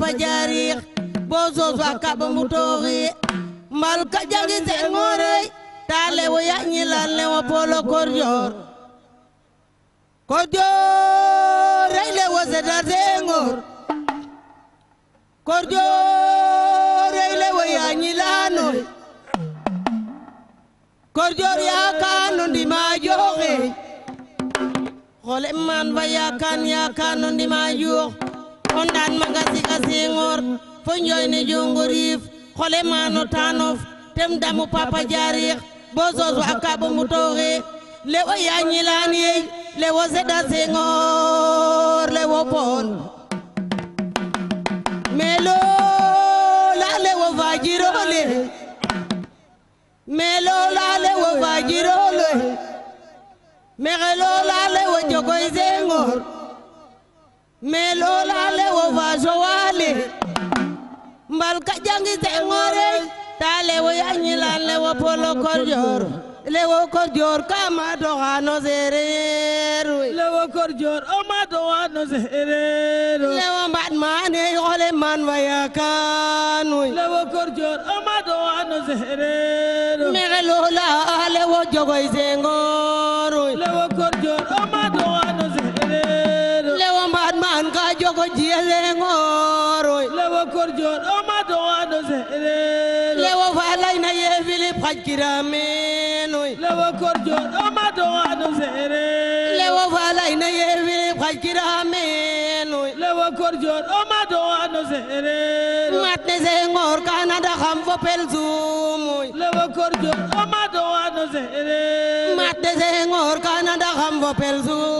kaba boo soos wa kaba mbutooxi mbal ka jangi seen moorey taa lewo ya ñilal lewo poolo korjoor korjoor rey lewo sedar seengoor korjoor rey lewo ya ñilaanoy korjoor yaa kaano ndima jooxe xole maan ba yaa kaan yaa kaano ndima joox hondan magasi asiŋor fo njoyne jongo riif xole maano taanof tem damu papa jaarix bo soos wa kaabo mu tooxe le wo yaa ñilaan yey le wo seda seŋor le wo poon mais loola le wo faajiroole mais loola le wo faajiroole mais xe loola le wo jogoy seŋor melolale wofa sowale mbal ka jangi teŋorey ta lewo yañilan lewo polo korjor lewo korjor kama doxano sereer lewo korjor oma doxano sereer lewo mbaɗ mane xole man fayakan lewo korjor oma doxano sereer mexe lola lewo jogoy sengo fo pelsuumuy lewa korjoor o maado waano seereer mat de seengoor kaana da xam fo pelsuum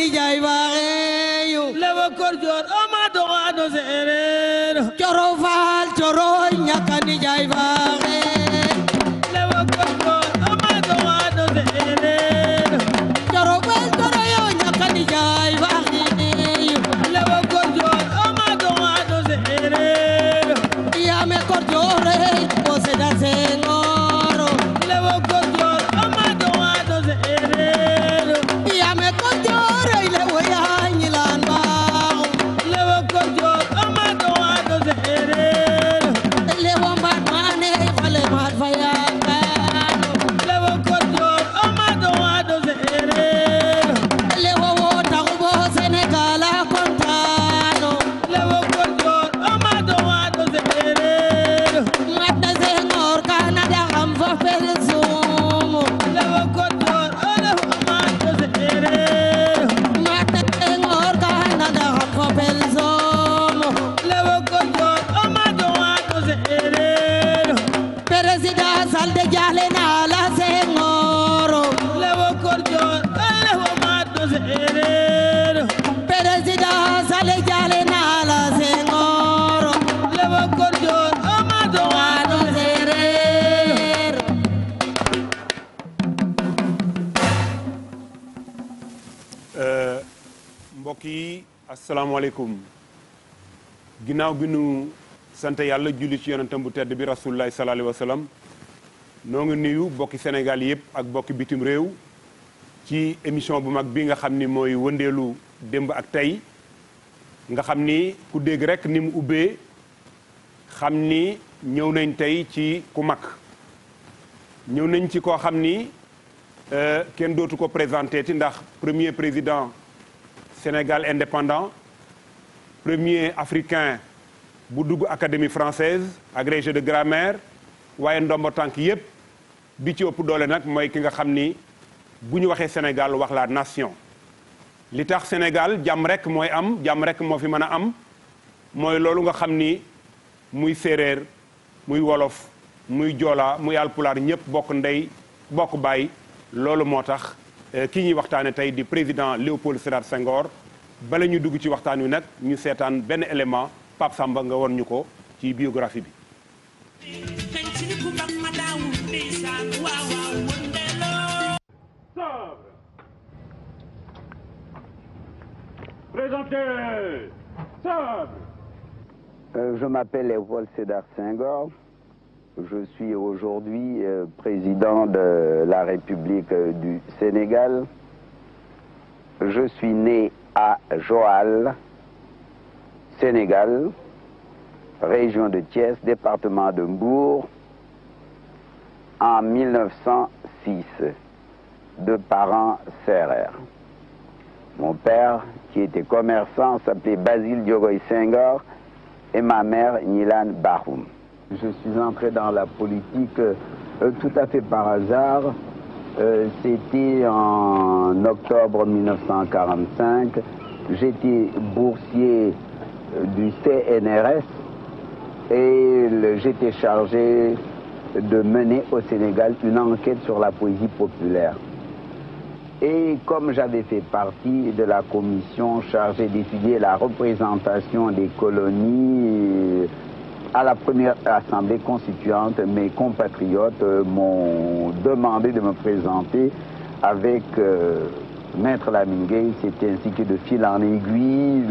nijaay baaxeeyu lewe kor joor o ma doxaano seereer coro faal coro ñaka nijaay baaxeeyu salaamaaleykum ginnaaw bi nu sant yàlla julli ci yonentam bu tedd bi rasulullah sallallahu alayhi wa noo ngi nuyu bokki Sénégal yëpp ak bokki bitim réew ci émission bu mag bi nga xam ni mooy wëndeelu démb ak tey nga xam ni ku dégg rek ni mu ubbee xam ni ñëw nañ tey ci ku mag ñëw nañ ci koo xam ni euh, kenn dootu ko présenté ti ndax premier président Sénégal indépendant premier africain bu dugg académie française agrégé de grammaire waaye ndombo tànk yépp bi ci ëpp doole nag mooy ki nga xam ni bu ñu waxee Sénégal wax la nation li tax Sénégal jàmm rek mooy am jàmm rek moo fi mën a am mooy loolu nga xam ni muy séeréer muy wolof muy joola muy alpulaar ñépp bokk ndey bokk baay loolu moo tax Euh, ki ñuy waxtaane tey di président Léopold Sédar Senghor bala ñu dugg ci waxtaan wi nag ñu seetaan benn élément Pape Samba nga won ñu ko ci biographie bi Présentez. Euh, je m'appelle Léopold Sédar Senghor Je suis aujourd'hui euh, président de la République euh, du Sénégal. Je suis né à Joal, Sénégal, région de Thiès, département de Mbourg, en 1906, de parents serrères. Mon père, qui était commerçant, s'appelait Basile Diogoy Senghor et ma mère, Nilan Baroum. je suis entré dans la politique euh, par hasard. Euh, C'était en octobre 1945. J'étais boursier euh, du au Sénégal une enquête sur la poésie populaire. Et comme de la commission chargée des colonies à la première assemblée constituante, mes compatriotes euh, m'ont demandé de me présenter avec euh, Maître Lamingue. C'était ainsi que de fil en aiguille,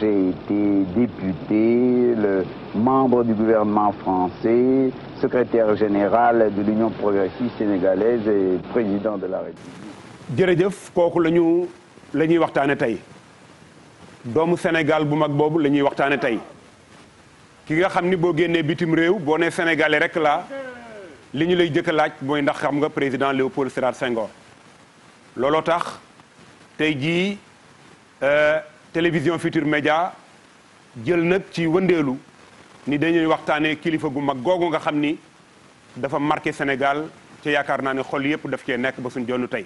j'ai été député, le membre du gouvernement français, secrétaire général de l'Union progressiste sénégalaise et président de la République. jërëjëf kooku la ñu la ñuy waxtaane tey doomu Sénégal bu mag boobu la ñuy waxtaane tey. ki nga xam ni boo génnee bitim réew boo nee sénégalais rek laa li ñu lay jëkk a laaj mooy ndax xam nga président Léopold Sédar Senghor looloo tax tey jii euh, télévision Futur Média jël nag ci wëndeelu ni dañuy waxtaanee kilifa gu mag googu nga xam ni dafa marqué Sénégal ci yaakaar naa ne xol yëpp daf cee nekk ba suñ jonnu tey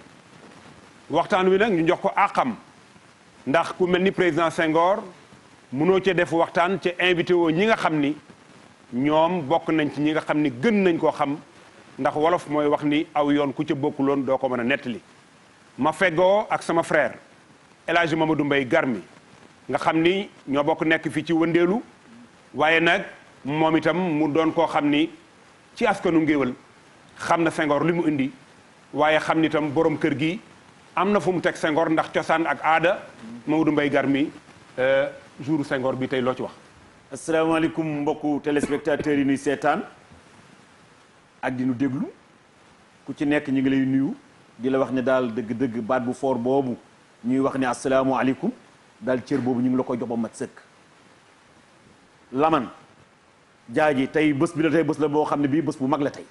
waxtaan wi nag ñu jox ko àqam ndax ku mel ni président Senghor mënoo ca def waxtaan ca invité woo ñi nga xam ni ñoom bokk nañ ci ñi nga xam ni gën nañ koo xam ndax wolof mooy wax ni aw yoon ku ca bokkuloon doo ko mën a nettali ma feggoo ak sama frère El Hadj Mamadou Mbaye Garmi nga xam ni ñoo bokk nekk fii ci wëndeelu waaye nag moom itam mu doon koo xam ni ci askanu ngéwël xam na Senghor li mu indi waaye xam ni itam borom kër gi am na fu mu teg Senghor ndax cosaan ak aada Mamadou mbay Garmi euh, jour Senghor bi tey loo ci wax. asalaamaaleykum mbokku téléspectateurs yi nuy seetaan ak di déglu ku ci nekk ñu ngi lay nuyu di la wax ne daal dëgg-dëgg baat bu foor boobu ñuy wax ne asalaamaaleykum daal cër boobu ñu ngi la koy jox ba mat sëkk. Laman jaaji tey bés bi la tey bés la boo xam ne bii bés bu mag la tey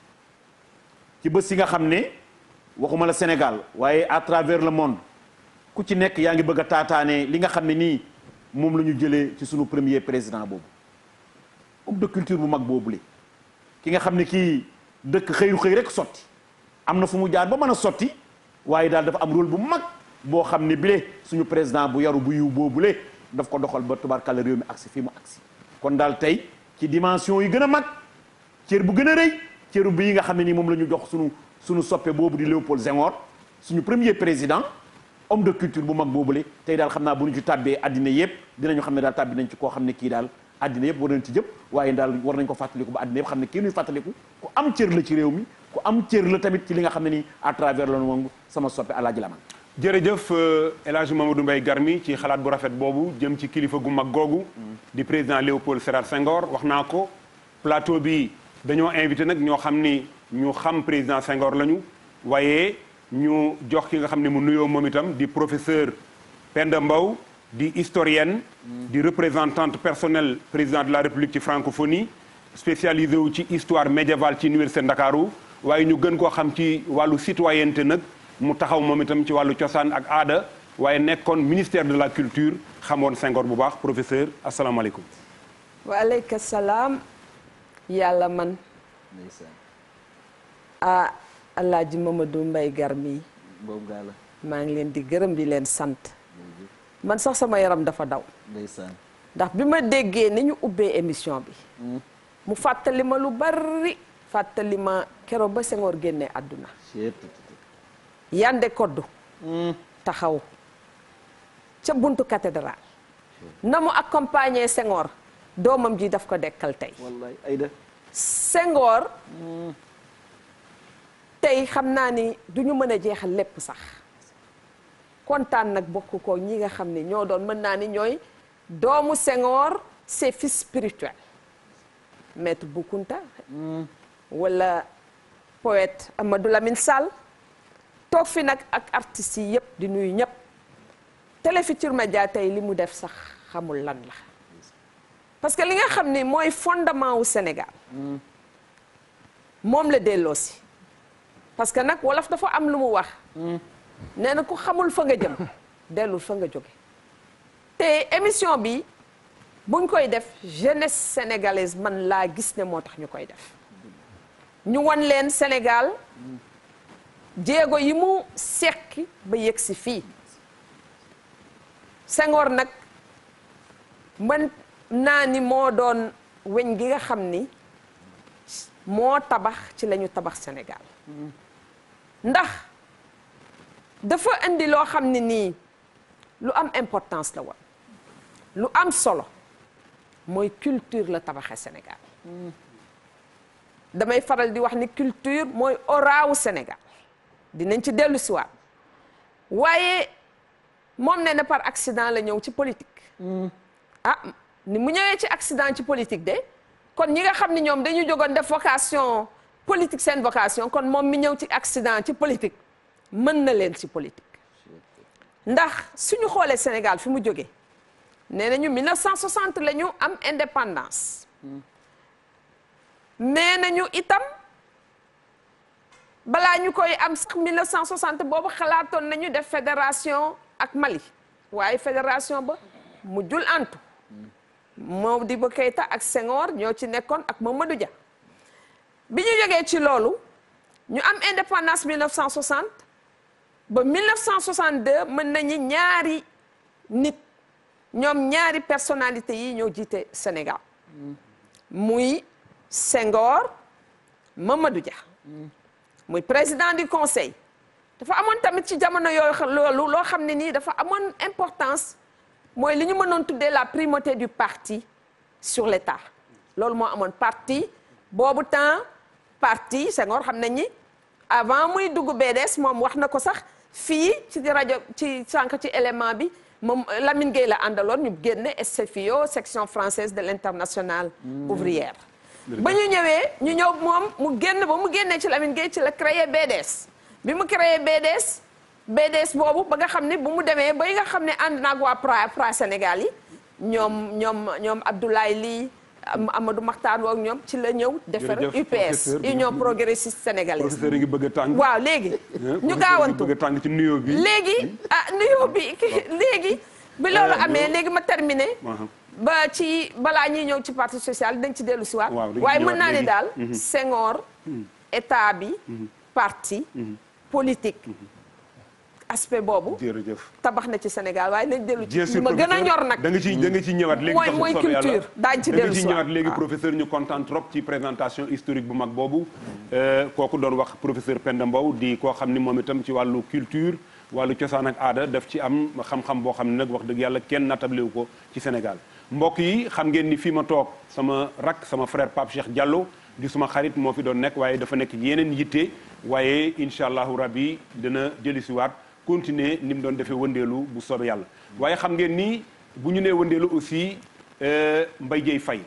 ci bës yi nga xam ne waxuma la Sénégal waaye à travers le monde ku ci nekk yaa ngi bëgg a taataane li nga xam ne nii. moom la ñu jëlee ci suñu premier président boobu homme de culture bu mag boobu boobule ki nga xam ne kii dëkk xëyru xëy rek sotti am na fu mu jaar ba mën a sotti waaye daal dafa am rôle bu mag boo xam ne bile suñu président bu yaru bu yiw boobule daf ko doxal ba tubaarkàlla réew mi agsi fii mu agsi kon daal tey ci dimension yi gën a mag cër bu gën a rëy cëru bi yi nga xam ne nii moom la ñu jox suñu suñu soppe boobu di Léopold Senghor suñu premier président homme de culture bu mag boobule tey daal xam naa bu ñu ci tàbbee àddina yëpp dinañu xam ne daal tàbbi nañ ci koo xam ne kii daal àddina yëpp war nañ ci jëm waaye daal war nañ ko fàttaliku ba àddina yëpp xam ne kii nuy fàttaliku ku am cër la ci réew mi ku am cër la tamit ci li nga xam ne nii à travers la moom sama soppe alaaji laman jërëjëf euh, El Hadj Mamadou Mbaye Garmi ci xalaat bu rafet boobu jëm ci kilifa gu mag googu di président Léopold Sédar Senghor wax naa ko plateau bi dañoo invité nag ñoo xam ni ñu xam président Senghor lañu waaye ñu jox ki nga xam ne mu nuyoo moom itam di professeur Penda Mbow di historienne mm. di représentante personnelle président de la République ci francophonie spécialisé wu ci histoire médiévale ci université Ndakaaru waaye ñu gën koo xam ci wàllu citoyenneté nag mu taxaw moom itam ci wàllu cosaan ak aada waaye nekkoon ministère de la culture xamoon Senghor bu baax professeur asalaamaaleykum waaleykum salaam yàlla man ji Alaaji Mamadou Mbaye gar mii maa ngi leen di gërëm bi leen sant man sax sama yaram dafa daw ndax bi ma déggee ni ñu ubbee émission bi hmm. mu fàttali ma lu bari fàttali ma keroog ba sengoor génnee àdduna Yandé koddu hmm. taxaw ca buntu cathédrale na mu accompagner Senghor doomam ji daf ko dekkal tey Senghor hmm. tey xam naa ni du ñu mën a jeexal lépp sax kontaan nag bokk ko ñi nga xam ne ñoo doon mën naa ni ñooy doomu Senghor ses fils spirituels maître Boukounta hmm. wala poète Amadou Lamine Sall toog fi nag ak artistes yi yëpp di nuyu ñëpp Télé Futurs Médias tey li mu def sax xamul lan la parce que li nga xam ni mooy fondement wu Sénégal hmm. moom la delloosi parce que nag wolof dafa am lu mu wax. nee na ku xamul fa nga jëm dellul fa nga jóge te émission bi buñ koy def jeunesse sénégalaise man laa gis ne moo tax ñu koy def ñu wan leen Sénégal jéego yi mu sekki ba yëg si fii sengoor nag mën naa ni moo doon weñ gi nga xam ni moo tabax ci lañu tabax Sénégal. ndax dafa indi loo xam ne nii lu am importance la woon lu am solo mooy culture la tabaxe Sénégal damay faral di wax ni culture mooy oraawu Sénégal dinañ ci dellu siwaat waaye moom nee na par accident la ñëw ci politique ah ni mu ñëwee ci accident ci politique de kon ñi nga xam ne ñoom dañu jógoon def vocation politique seen vocation kon moom mi ñëw ci accident ci politique mën na leen ci politique ndax suñu xoolee Sénégal fi mu jógee nee nañu 1960 la ñu am indépendance nee nañu itam balaa ñu koy am sax 1960 boobu xalaatoon nañu def fédération ak Mali waaye fédération ba mu mujjul antu Modibo Keïta ak Senghor ñoo ci nekkoon ak Mamadou ja bi ñu yogee ci loolu ñu am indépendance 1960 ba 1962 mën nañu ñaari nit ñoom ñaari personnalité yi ñoo jiite Sénégal muy Senghor Mamadou Dia muy président du conseil dafa amoon tamit ci jamono yooyu loolu loo xam ne nii dafa amoon importance mooy li ñu mënoon tuddee la primauté du parti sur l'État loolu moo amoon parti boobu temps parti Senghor xam nañ ni avant muy dugg BDS moom wax na ko sax fii ci rajo ci sànq ci élément bi moom Lamine Gueye la àndaloon ñu génne SFIO section française de l'internationale hmm. ouvrière ba ñu ñëwee ñu ñëw moom mu génn ba mu génnee ci Lamine Gueye ci la créé BDS bi mu créé BDS BDS boobu ba nga xam ne bu mu demee ba yi nga xam ne ànd naag waa pra pra Sénégal yi ñoom ñoom ñoom Abdoulaye Ly Amadou Mahtar Mbow ak ñoom ci la ñëw defar UPS Union progressiste sénégalaise professeur yi ngi bëgg a tàng waaw léegi ñu gaawantu bëgg a ci nuyoo bi léegi ah nuyoo bi léegi bi loolu euh, amee léegi ma terminé uh-huh. ba ci balaa ñuy ñëw ci parti social dañ ci dellu si waat waaye mën naa ne daal mm-hmm. Senghor mm-hmm. état bi mm-hmm. parti politique aspect boobu. jërëjëf tabax na ci Sénégal waaye nañ dellu ci ma gën a ñor nag. da nga ci da nga ci ñëwaat léegi. mooy mooy culture daañu ci dellu si da nga léegi ñu kontaan ci présentation historique bu mag boobu. Euh, kooku doon wax professeur Penda Mbow di koo xam ni moom itam ci wàllu culture. wàllu cosaan ak aada def ci am xam-xam boo xam ne nag wax dëgg yàlla kenn nattablewu ko ci Sénégal mbokk yi xam ngeen ni fii ma toog sama rak sama frère Pape Cheikh Diallo di suma xarit moo fi doon nekk waaye dafa nekk yeneen yitte waaye incha allahu rabbi dina jëli siwaat continuer ni mu doon defee wëndeelu bu soobee yàlla. waaye xam ngeen nii bu ñu nee wëndeelu aussi euh, Mbaye Dieye fay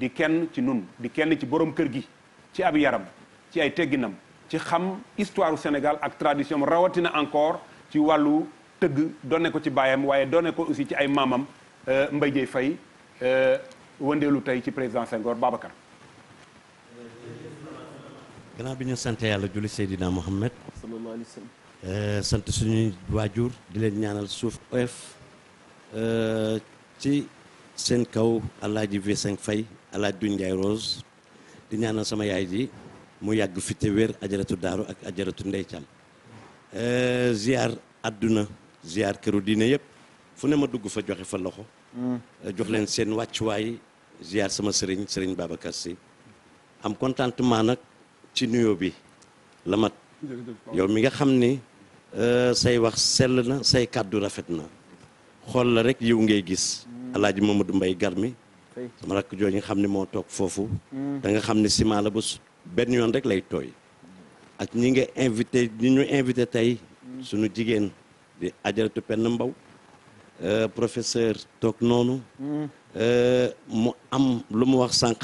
di kenn ci nun di kenn ci borom kër gi ci ab yaram ci ay tegginam ci xam histoire Sénégal ak tradition rawatina encore ci wàllu tëgg doone ko ci baayam waaye doone ko aussi ci ay maamam euh, Mbaye Dieye Faye euh, wëndeelu tey ci président Senghor Babacar. gannaaw bi ñu sant yàlla julli Seydina Mohamed. sallallahu alayhi wa sallam. Euh, sant suñuy waajur di leen ñaanal suuf oyof euh, ci seen kaw alaaji V5 Faye alaaji Doudou Rose di ñaanal sama yaay ji mu yàgg fi te wér ajaratu daaru ak ajaratu ndeycaan Thiam euh, ziar àdduna ziar këru diine yëpp fu ne ma dugg fa joxe fa loxo hmm. jox leen seen wàccuwaay ziar sama sëriñ sëriñ Babacar Sy am contentement nag ci nuyoo bi la mat mi nga xam ni Euh, say wax sell na say kàddu rafet na xool la rek yiw ngay gis alaaji Mamadou mbay Garmi sama rakk jooju nga xam ne moo toog foofu da nga xam ne ciment la ba benn yoon rek lay tooy ak ñi nga invité ñi ñu invité tey suñu jigéen di ajaratu penn mbaw euh, professeur toog noonu euh, mu am lu mu wax sànq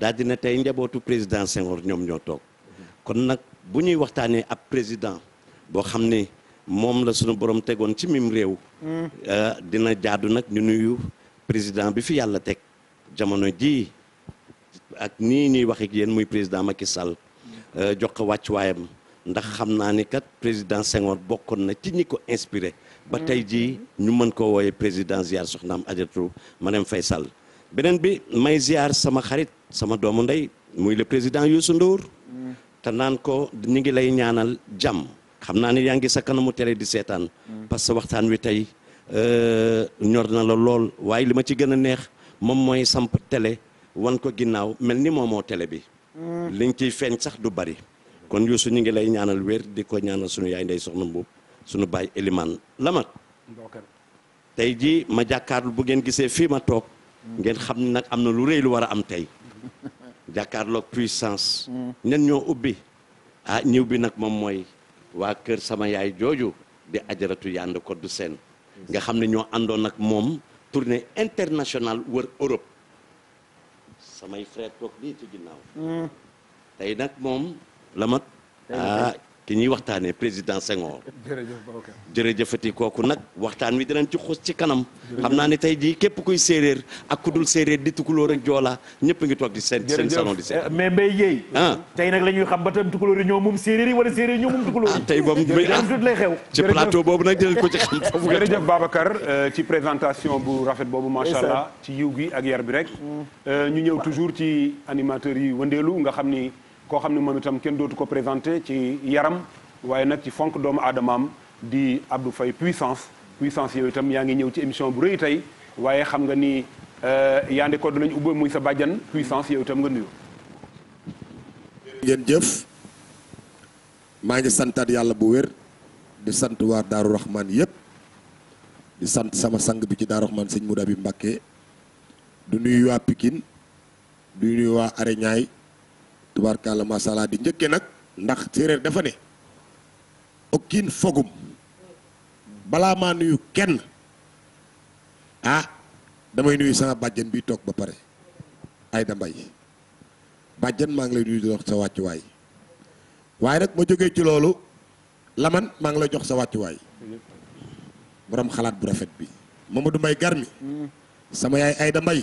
daal na tey njabootu président Senghor ñoom ñoo toog kon nag bu ñuy waxtaanee ab président boo xam ne moom la sunu borom tegoon ci miim réew. Mm. Euh, dina jaadu nag ñu nuyu président bi fi yàlla teg jamono jii ak nii ñuy wax ak yéen muy président Macky Sall mm. euh, jox ko wàccuwaayam ndax xam naa ni kat président Senghor bokkoon na ci ñi ko inspiré. ba mm. tey jii ñu mën ko wooye président ziar soxnaam Adjaratou Marème fay sal beneen bi may ziar sama xarit sama doomu ndey muy le président Youssou Ndour. te naan ko ñu ngi lay ñaanal jàmm. xam naa ne yaa ngi sa kanamu télé di seetaan. Mm. parce que waxtaan wi tey euh, ñor na la lool waaye li ma ci gën a neex moom mooy samp tele wan ko ginnaaw mel ni moomoo tele bi. Mm. liñ ciy feeñ sax du bari. kon Youssou ñu ngi lay ñaanal wér di ko ñaanal suñu yaay ndey soxna Mbuub suñu baay Eliman Lamat. tey jii ma jàkkaarlu bu ngeen gisee fii ma toog. Mm. ngeen xam nag am na lu rëy lu war a am tey. jàkkaarloog puissance. ñan ñoo ubbi ah ñëw bi nag moom mooy. waa kër sama yaay jooju di ajaratu yànd ko du seen nga xam ne ñoo àndoon nag moom tournée international wër Europe samay frère toog nii ci ginnaaw hmm. tey nag moom la mat ki ñuy waxtaanee président Senghor. jërëjëfati kooku nag waxtaan wi dinañ ci xos ci kanam. xam naa ne tey jii képp kuy séeréer ak ku dul séeréer di tukulóor ak joola ñëpp ngi toog di seen seen salon di seen. Eh, mais Mbaye Dieye. ah tey nag la ñuy xam ba tam tukulóor yi ñoo moom séeréer yi wala séeréer yi ñoo moom tukulóor yi. Ah, tey boobu lay xew. ci plateau boobu nag dinañ ko ci xam. foofu jërëjëf Babacar euh, ci présentation bu rafet boobu macha allah. ci yiw gi ak yar bi rek. Euh, ñu ñëw toujours ci animateurs yi wëndeelu nga xam ni koo xam ne moom itam kenn dootu ko présenté ci yaram waaye nag ci fonk doomu aadamaam di Abdou Faye puissance puissance yooyu itam yaa ngi ñëw ci émission bu rëy tey waaye xam nga ni euh, yaa ndi ko dinañ ubbi muy sa bàjjan puissance yooyu itam nga nuyu. ngeen jëf maa ngi santaat yàlla bu wér di sant waa Daaru Rahman yëpp di sant sama sang bi ci Daaru Rahman sëñ Mouda bi Mbàkke du nuyu waa Pikine du nuyu Areñaay tubaarkàlla macha allah di njëkkee nag ndax séeréer dafa ne okkiin fogum balaa maa nuyu kenn ah damay nuyu sama bàjjen bi toog ba pare Aïda mbay bàjjen maa ngi lay nuyu di jox sa wàccuwaay waaye nag ma jógee ci loolu laman maa ngi lay jox sa wàccuwaay borom xalaat bu rafet bi Mamadou may Garmi mm. sama yaay Aïda mbay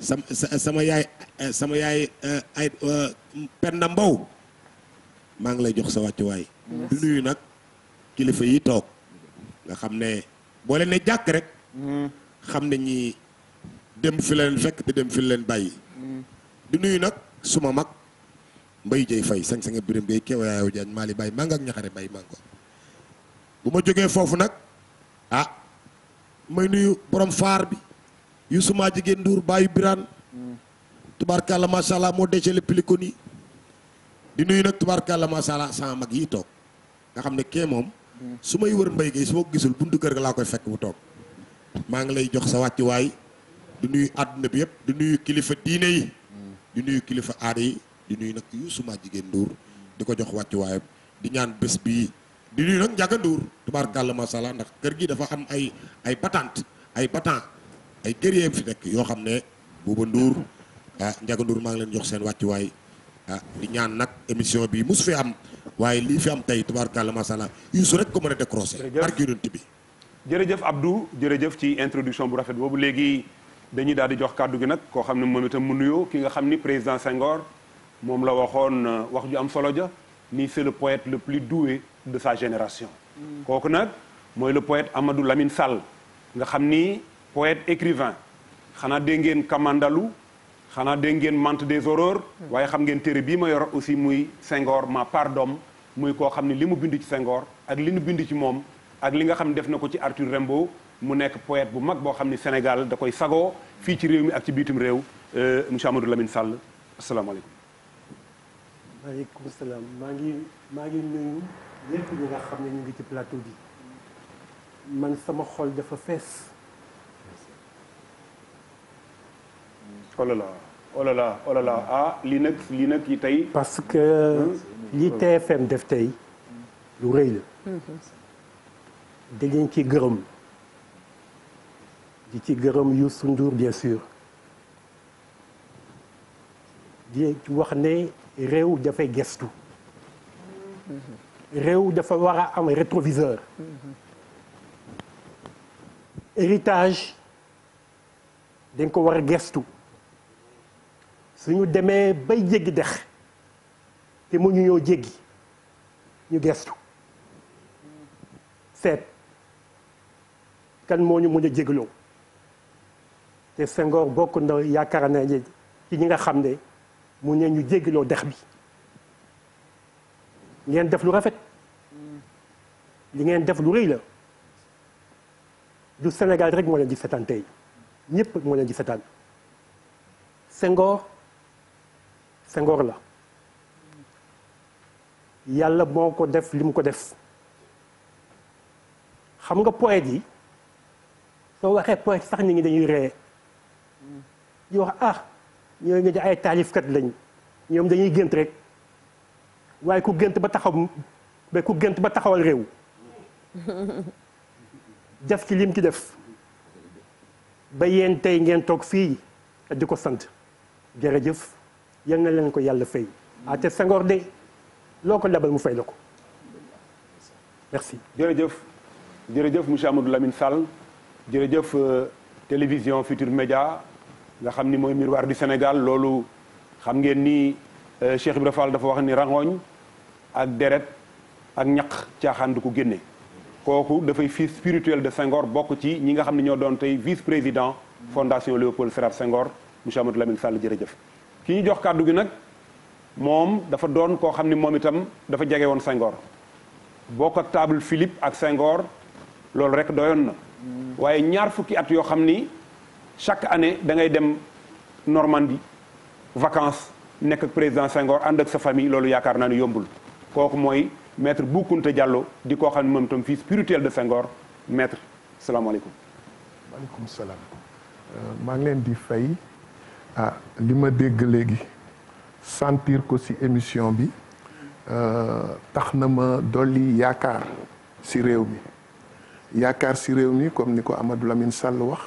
sama sama yaay eh, sama yaay eh, ay eh, Penda Mbow maa ngi lay jox sa wàccuwaay. di nuyu nag kilifa yi toog nga xam ne boo leen ne jàkk rek. Mm-hmm. xam ne ñi dem fi la leen fekk te dem fi leen bàyyi. Mm-hmm. di nuyu nag suma mag mbay jëy fay sang sanga birim bay keewa yaayow jaan maali bàyyi maa nga bàyyi maa ko bu ma jógee foofu nag ah may nuyu borom faar bi Youssou maa jigéen Ndour Baye Birane tubaarkàlla macha allah moo déchelé Pelikon ni di nuyu nag tubaarkàlla macha allah sama mag yi toog nga xam ne kee moom. su may wër mbay gi su ma ko gisul buntu kër gi laa koy fekk bu toog maa ngi lay jox sa wàccuwaay di nuyu àdduna bi yëpp di nuyu kilifa diine yi. di nuyu kilifa aada yi di nuyu nag Youssou maa jigéen Ndour di ko jox wàccuwaayam di ñaan bés bii. di nuyu nag Ndiaga Ndour tubaarkàlla macha allah ndax kër gi dafa am ay ay patante ay patan ay guerrier fi nekk yoo xam ne Bouba Ndour ah Ndiaga maa ngi leen jox seen wàccuwaay ah di ñaan nag émission bi mus fee am waaye lii fi am tey tubaarkàlla macha allah Youssou rek ko mën a décroché. jërëjëf barke yonent bi. jërëjëf Abdou jërëjëf ci introduction bu rafet boobu léegi dañuy daal di jox kàddu gi nag koo xam ne moom itam mu nuyoo ki nga xam ni président Senghor moom la waxoon euh, wax ju am solo ja ni c'est le poète le plus doué de sa génération. Mm. kooku nag mooy le poète Amadou Lamine poète écrivain xanaa dégg ngeen Kamandalu xanaa dégg ngeen Mante des Aurores waaye xam ngeen téere bii ma yor aussi muy sengoor ma part d'homme muy koo xam ne li mu bind ci sengoor ak li nu bind ci moom ak li nga xam ne def na ko ci Arthur Rimbaud mu nekk poète bu mag boo xam ne Sénégal da koy sagoo fii ci réew mi ak ci biitum réew euh, monsieur Amadou Lamine Sall asalaamaaleykum maaleykum salaam maa ngi maa ngi nuyu xam ne ñu ngi ci plateau bi man sama xol dafa fees oh là là oh, oh ah, lii nag lii nag yi tey. parce que li hmm. TFM def tey lu rëy la. Hmm. da ngeen ci gërëm di ci gërëm yu Ndour bien sûr di wax ne réew dafay gestu. Hmm. réew dafa war a am rétroviseur. héritage dañ ko war gestu. su ñu demee bay jéggi dex te mu ñu ñoo jéggi ñu gestu seet kan moo ñu mën a jégloo te Senghor bokk na yaakaar na ci ñi nga xam ne mu ne ñu jégloo dex bi ngeen def lu rafet li ngeen def lu rëy la du Sénégal rek moo leen di setaan tey ñëpp moo leen di setaan Senghor Senghor la yàlla moo ko def li mu ko def xam nga poète yi soo waxee poète sax nit ngi dañuy ree di wax ah ñooy nga di ay taalifkat lañ ñoom dañuy gént rek waaye ku gént ba taxaw ba ku gént ba taxawal réew def ci lim ci def ba yéen tey ngeen toog fii di ko sant jërëjëf yal na leen ko yàlla fay ate Senghor de loo ko lebal mu fay la ko merci jërëjëf jërëjëf monsieur Amadou Lamine Sall jërëjëf euh, télévision Futur Média nga xam ni mooy miroir du Sénégal loolu xam ngeen ni euh, Cheikh Ibra Fall dafa wax ni rangooñ ak deret ak ñaq caaxaan du ko génne kooku dafay fils spirituel de Senghor bokk ci ñi nga xam ne ñoo doon tey vice président fondation Léopold Sédar Senghor monsieur Amadou Lamine Sall jërëjëf ki ñu jox kàddu gi nag moom dafa doon koo xam ni moom itam dafa jege woon Senghor boo ko table Philippe ak sengoor loolu rek doyoon na waaye ñaar fukki at yoo xam ni chaque année da ngay dem Normandie vacances nekk ak président Senghor ànd ak sa famille loolu yaakaar naa ne yombul kooku mooy maître Boukounta Diallo di koo xam ne moom itam fils spirituel de Senghor maître salaamaaleykum. maaleykum salaam euh, maa ngi leen di fay. ah li ma dégg léegi sentir ko ci émission bi euh, tax na ma dolli yaakaar ci réew mi yaakaar ci réew mi comme ni ko Amadou Lamine Sall wax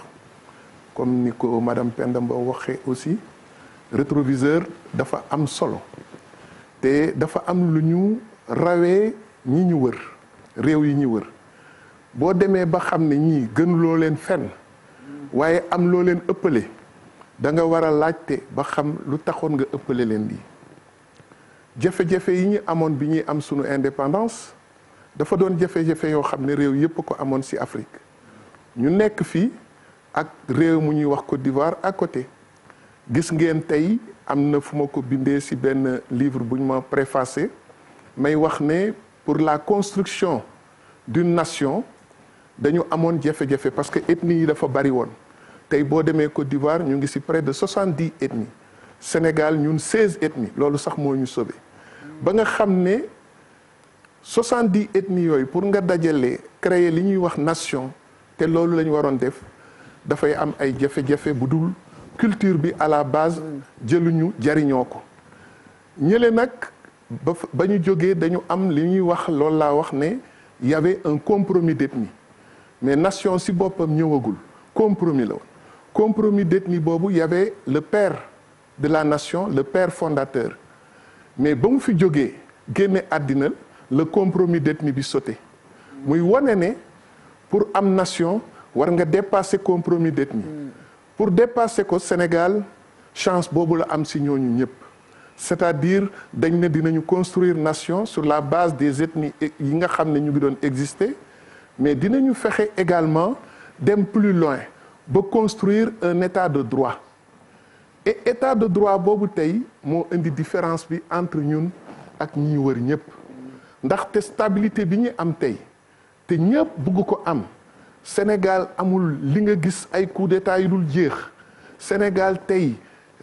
comme ni ko madame Penda Mbow waxee aussi rétroviseur dafa am solo te dafa am lu ñu rawee ñi ñu wër réew yi ñu wër boo demee ba xam ne ñii gënuloo leen fenn waaye am loo leen ëppale da nga war a laajte ba xam lu taxoon nga ëppale leen lii jafe-jafe yi ñu amoon bi ñuy am sunu indépendance dafa doon jafe-jafe yoo xam ne réew yëpp ko amoon ci Afrique ñu nekk fii ak réew mu ñuy wax Côte d'Ivoire à côté gis ngeen tey am na fu ma ko bindee ci benn livre bu ñu ma préfacé may wax ne pour la construction d'une nation dañu amoon jafe-jafe parce que ethnie yi dafa bari woon tey boo demee Côte d'Ivoire ñu ngi si près de soixante-dix ethnies Sénégal ñun seize ethnies loolu sax moo ñu sauvé ba nga xam ne soixante-dix ethnies yooyu pour nga dajale créer li ñuy wax nation te loolu la waroon def dafay am ay jafe-jafe bu dul culture bi à la base jëluñu jariñoo ko ñële nag ba ñu jógee dañu am li ñuy wax loolu laa wax ne y un compromis d'ethnie mais nation si boppam ñëwagul compromis la compromis d'ethnie boobu y avait le père de la nation le père fondateur mais ba mu fi jógee génne àddina le compromis d'ethnie bi sauté muy wane ne pour am nation war nga dépasser compromis d'ethnie pour dépasser ko Sénégal chance boobu la am si ñooñu ñëpp c'est-à-dire dañ ne dinañu construire nation sur la base des ethnies yi nga xam ne ñu ngi doon exister mais dinañu fexe également dem plus loin ba construire un état de droit et état de droit boobu tey moo indi différence bi entre ñun ak ñi wër ñëpp ndaxte stabilité bi ñu am tey te ñëpp bugg ko am Sénégal amul li nga gis ay coup d'état yu dul jeex Sénégal tey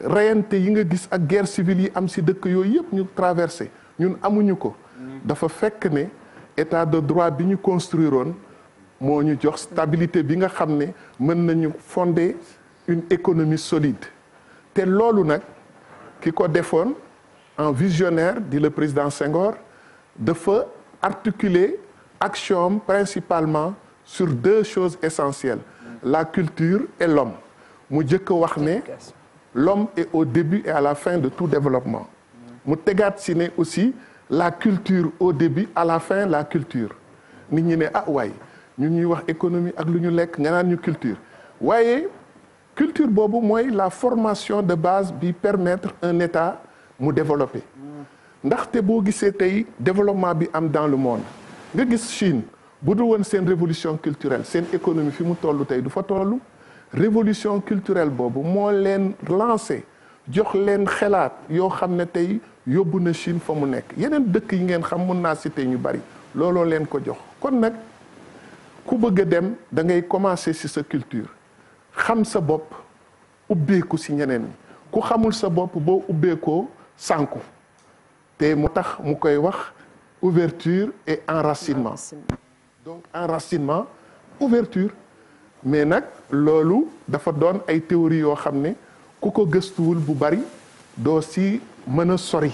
reyante yi nga gis ak guerre civile yi am si dëkk yooyu yëpp ñu traverser ñun amuñu ko mm. dafa fekk ne état de droit bi ñu construiroon moo ñu jox stabilité bi nga xam ne mën nañu fonder une économie solide te loolu nag ki ko defoon en visionnaire di le président Senghor dafa articuler action principalement sur deux choses essentielles la culture et l'homme mu jëkk wax ne l'homme est au début et à la fin de tout développement mu tegaat si ne aussi la culture au début à la fin la culture nit ñi ne ah waay ñu ñuy wax économie ak lu ñu lekk nga naan ñu culture waaye culture boobu mooy la formation de base bi permettre un état mu développer ndaxte boo gisee tey développement bi am dans le monde nga gis Chine bu du woon seen révolution culturelle seen économie fi mu toll tey du fa toll révolution culturelle boobu moo leen lancé jox leen xelaat yoo xam ne tey yóbbu na Chine fa mu nekk yeneen dëkk yi ngeen xam mun naa si citer ñu bari looloo leen ko jox ku bëgg a dem da ngay commencer ci sa culture xam sa bopp ubbeeku ci ñeneen ku xamul sa bopp boo ubbeekoo sànku te mu tax mu koy wax ouverture et enracinement donc enracinement ouverture mais nag loolu dafa doon ay théories yoo xam ne ku ko gëstuwul bu bari doo ci mën a sori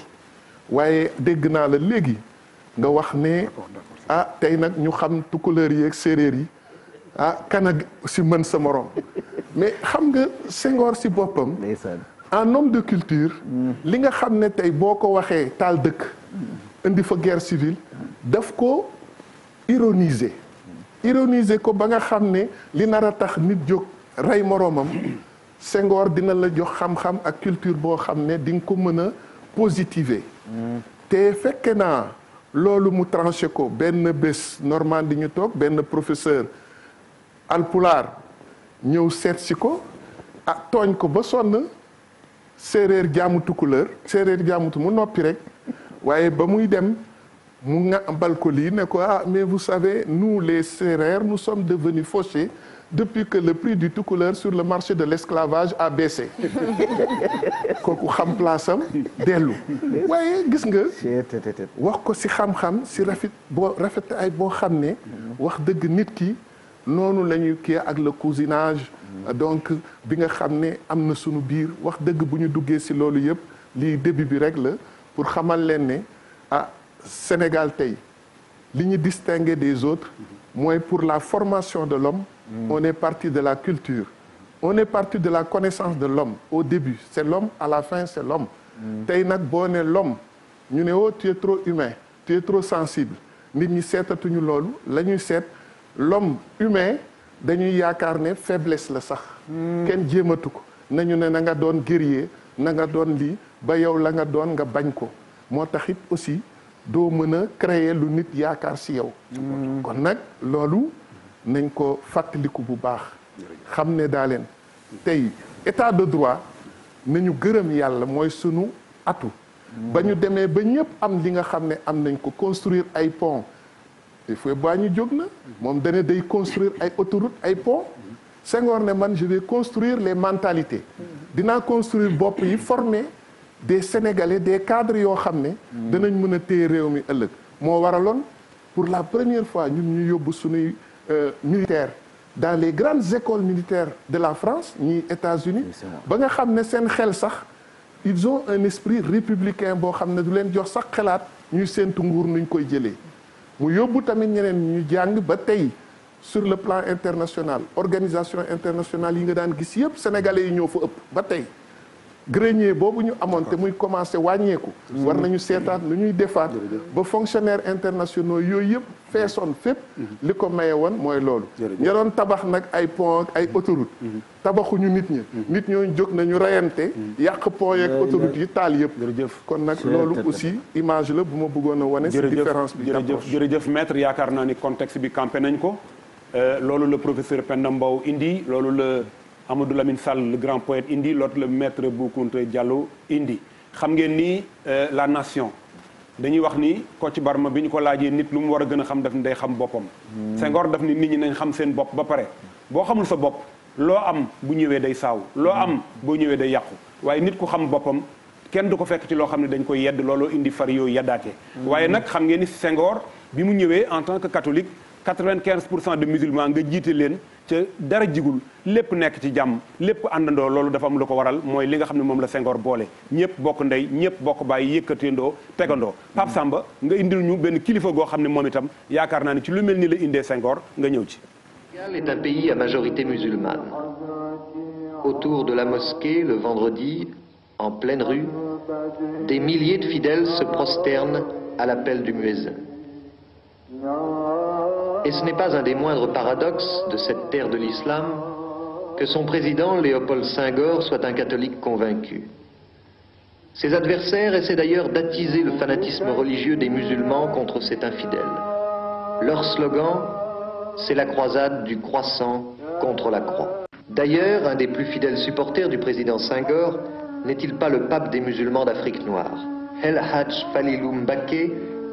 waaye dégg naa la léegi nga wax ne ah tey nag ñu xam tukulóor yi ak séeréer yi ah kan ak si mën sa morom mais xam nga Senghor si boppam en homme de culture mm. li nga xam ne tey boo ko waxee taal dëkk mm. indi fa guerre civile daf ko ironiser mm. ironiser ko ba nga xam ne li nar a tax nit jóg rey moroomam Senghor dina la jox xam-xam ak culture boo xam ne di nga ko mën a positiver te fekke naa loolu mu tranché ko benn bés Normandie ñu toog benn professeur alpulaar ñëw seet si ko ah tooñ ko ba sonn séeréer jaamu tukkuleur séeréer jaamutu mu noppi rek waaye ba muy dem mu nga ko lii ne ko ah mais vous savez nous les séeréer nous sommes devenus fauchés depuis que le prix du toucouleur sur le marché de l'esclavage a baissé kooku xam place dellu waaye gis nga wax ko si xam-xam si rafet boo rafet ay boo xam ne wax dëgg nit ki noonu la ñuy kii ak le cousinage donc bi nga xam ne am na sunu biir wax dëgg bu ñu duggee si loolu yëpp lii début bi rek la pour xamal leen ne ah Sénégal tey li ñu distinguer des autres mooy pour la formation de l'homme Mmh. On parti de la culture. On est parti de la connaissance de l'homme. Au début, c'est l'homme, à la fin, c'est l'homme. Mm. tey nag boo ne l'homme ñu ne woo oh, tu es trop humain tu es trop sensible nit ñi seetatuñu loolu la ñuy seet l'homme humain dañuy yaakaar ne faiblesse la sax. Mm. kenn jéematu ko nañu ne na nga doon guerrier na nga doon lii ba yow la nga doon nga bañ ko moo tax it aussi doo mën a créer lu nit yaakaar si yow. Mm. kon nag loolu. nañ ko fàttaliku bu baax xam ne daa leen tey état de droit nañu gërëm yàlla mooy sunu atu ba ñu demee ba ñëpp am li nga xam ne am nañ ko construire ay pont il faut baa ñu jóg na moom dana day construire ay autoroute ay pont Senghor ne man je vais construire les mentalités dinaa construire bopp yi former des sénégalais des cadres yoo xam ne danañ mën a téye réew mi ëllëg moo waraloon pour la première fois ñun ñu yóbbu sunuy Euh, militaire dans les grandes écoles militaires de la France ni États-Unis ba nga xam ne seen xel sax ils ont un esprit républicain boo xam ne du leen jox sax xalaat ñuy séentu nguur nuñ koy jëlee mu yóbbu tamit ñeneen ñu jàng ba tey sur le plan international organisation internationale yi nga daan gis yëpp sénégalais yi ñoo fa ëpp ba tey grenier boobu ñu amoon te muy commencé wàññeeku. war na ñu seetaat lu ñuy defaat. ba fonctionnaires internationaux yooyu yëpp feesoon fépp. Mhm. li ko maye woon mooy loolu. ña doon tabax nag ay pont ay autoroute mhm. tabaxuñu nit ñi. Mhm. nit ñooñu jóg nañu reyante. yàq pont yeeg autoroute yi taal yëpp. kon nag loolu aussi image la bu ma bëggoon a wane. si différence bi jërëjëf jërëjëf metre yaakaar naa ni contexte bi campé nañ ko. Euh, loolu la professeur Penda Mbow indi loolu la. Amadou Lamine Sall le grand poète indi l'autre le maître Boucounta Diallo indi xam ngeen ni euh, la nation dañuy wax ni Kocc Barma bi ñu ko laajee nit lu mu war a gën a xam daf ni day xam boppam hmm. Senghor daf ni nit ñi nañ xam seen bopp ba pare boo xamul sa bopp loo am bu ñëwee day saaw loo am hmm. boo ñëwee day yàqu waaye nit ku xam boppam kenn du ko fekk ci loo xam ne dañ koy yedd looloo indi far yooyu yeddaate hmm. waaye nag xam ngeen ni Senghor bi mu ñëwee en tant que catholique quatre vingt pour cent de musulmans nga jiite leen ca dara jigul lépp nekk ci jàmm lépp àndandoo loolu dafa am lu ko waral mooy li nga xam ne moom la Senghor boole ñëpp bokk ndey ñëpp bokk bàyyi yëkkatindoo tegandoo Pape Samba nga indil ñu benn kilifa goo xam ne moom itam yaakaar naa ne ci lu mel ni la indee Senghor nga ñëw ci est un pays à majorité musulmane. Autour de la mosquée, le vendredi, en pleine rue, des milliers de fidèles se prosternent à l'appel du muezzin. Et ce n'est pas un des moindres paradoxes de cette terre de l'islam que son président Léopold Senghor soit un catholique convaincu. Ses adversaires essaient d'ailleurs d'attiser le fanatisme religieux des musulmans contre cet infidèle. Leur slogan, c'est la croisade du croissant contre la croix. D'ailleurs, un des plus fidèles supporters du président Senghor n'est-il pas le pape des musulmans d'Afrique noire El Hajj Falilou Mbake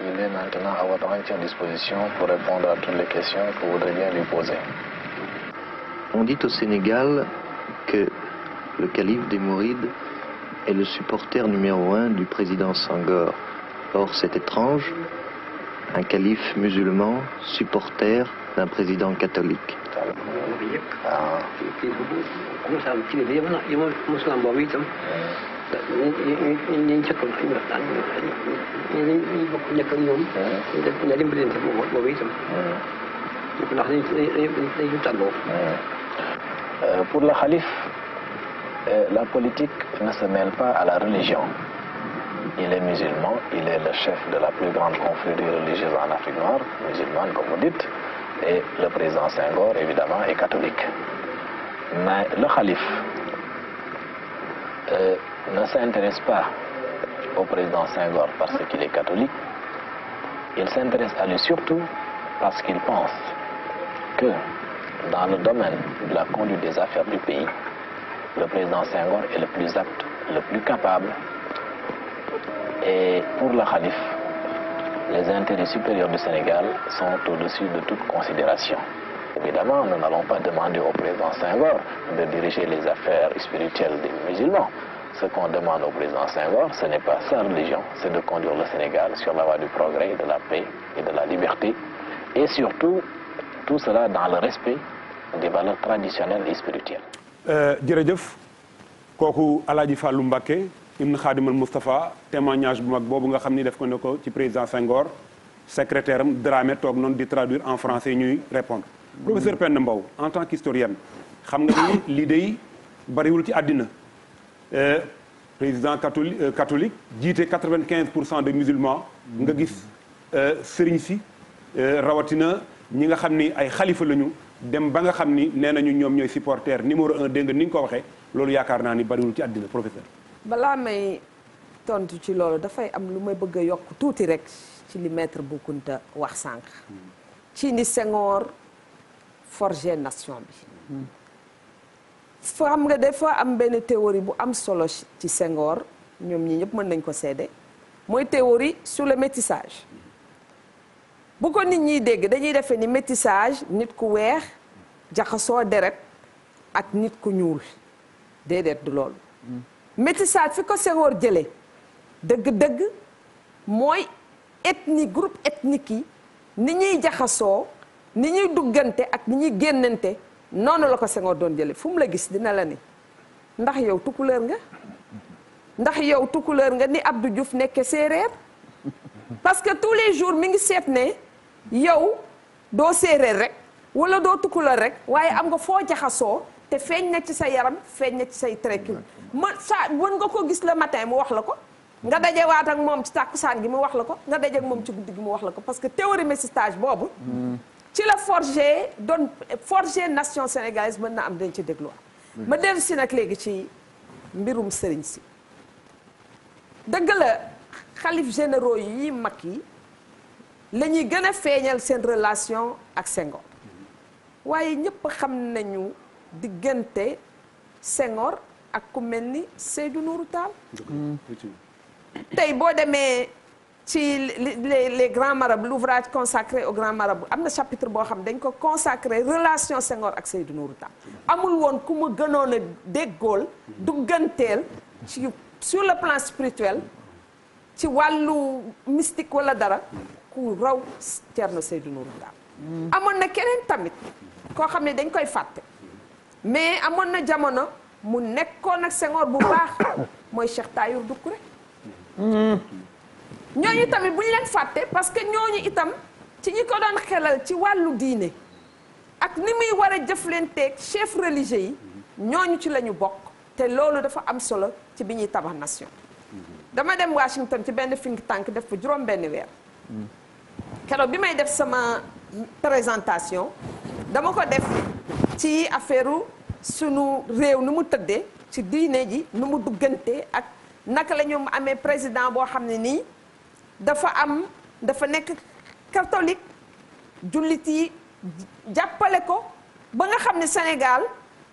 Il est maintenant On dit au Sénégal que le calife des Mourides est le supporter numéro un du président Sangor. Or, c'est étrange, un calife musulman supporter d'un président catholique. Ah. ñu ñu njëkkoon pour le khalife euh, la politique ne se mêle pas à la religion. Il est musulman, il est le chef de la plus grande confrérie religieuse en Afrique noire, musulmane comme vous dites, et le président Senghor évidemment est catholique. Mais le khalife euh, ne s'intéresse pas au président Senghor parce qu'il est catholique, il s'intéresse à lui surtout parce qu'il pense que dans le domaine de la conduite des affaires du pays, le président Senghor est le plus apte, le plus capable. Et pour le Khalif, les intérêts supérieurs du Sénégal sont au-dessus de toute considération. Évidemment, nous n'allons pas demander au président Senghor de diriger les affaires spirituelles des musulmans. Ce qu'on demande au président Senghor, ce n'est pas sa religion, c'est de conduire le Sénégal sur la voie du progrès, de la paix et de la liberté. Et surtout, tout cela dans le respect des valeurs traditionnelles et spirituelles. Euh, jërëjëf kooku Alaaji Fàllu Mbàkke ibn Xaadimal Moustapha témoignage bu mag boobu nga xam ni def ko ne ko ci président Senghor secrétaire am Dramé toog noonu di traduire en français ñuy répondre professeur Penda en tant qu'historienne xam nga ni ci àddina Euh, président catholique euh, catholique jiite quatre vingt pour cent de musulmans nga gis euh, sëriñ si rawatina ñi nga xam ni ay xalifa lañu dem ba nga xam ni nee nañu ñoom ñooy supporter numéro un dégg nga ni nga ko waxee loolu yaakaar naa ni bariwul ci àddina professeur. balaa may tontu ci loolu dafay am lu may bëgg a yokk tuuti rek ci li maître Boukounta wax sànq. Hmm. ci ni Senghor forger nation bi. Hmm. fa xam nga des fois am benn théorie bu am solo ci Senghor ñoom ñi ñëpp mën nañ ko seede mooy théorie sur le métissage bu ko nit ñiy dégg dañuy defe ni métissage nit ku weex jaxasoo deret ak nit ku ñuul déedéet du loolu mm. métissage fi ko Senghor jëlee dëgg-dëgg mooy ethnie groupe ethnique yi ni ñuy jaxasoo ni ñuy duggante ak ni ñuy génnante noonu la ko Senghor doon jële fu la gis dina la ni ndax yow tukkuleer nga ndax yow tukkuleer nga ni Abdou Diouf nekke séeréer parce que tous les jours mi ngi seet ne yow doo séeréer rek wala doo tukkuleer rek waaye am nga foo jaxasoo te feeñ na ci sa yaram feeñ na ci say trekki ma sa mën nga ko gis le matin mu wax la ko nga daje waat ak moom ci saan gi mu wax la ko nga daje ak moom ci guddi gi mu wax la ko parce que me message boobu ci la forger doon forger nation sénégalaise mën na am dañ ci dégluwaat. ma dellu si nag léegi ci mbirum sëriñ si. dëgg la xalif généraux yi mag yi lañuy ñuy gën a feeñal seen relation ak Senghor waaye ñëpp xam nañu diggante sengor ak ku mel ni Seydou Nourou Tall. tey boo demee. ci les les grands marabouts l'ouvrage consacré aux grands marabouts am na chapitre boo xam dañ ko consacré relation Senghor ak Seydou Nourou Tall amul woon ku mu gënoona a déggool dugganteel ci sur le plan spirituel ci wàllu mystique wala dara ku raw Thierno Seydou Nourou Tall mm. amoon na keneen tamit koo xam ne dañ koy fàtte mais amoon na jamono mu nekkoon ak Senghor bu baax mooy Cheikh Tayour Doucouré mm. ñooñu tamit bu ñu leen fàtte parce que ñooñu itam ci ñi ko doon xelal ci wàllu diine ak ni muy war a jëflanteeg chef religieux yi ñooñu ci la ñu bokk te loolu dafa am solo ci bi ñuy tabax nation dama dem Washington ci benn think tank def fa juróom benn weer keroog bi may def sama présentation dama ko def ci affaire sunu réew nu mu tëddee ci diine ji nu mu duggante ak naka lañu ñu amee président boo xam ne nii dafa am dafa nekk catholique jullit yi jàppale ko ba nga xam ne Sénégal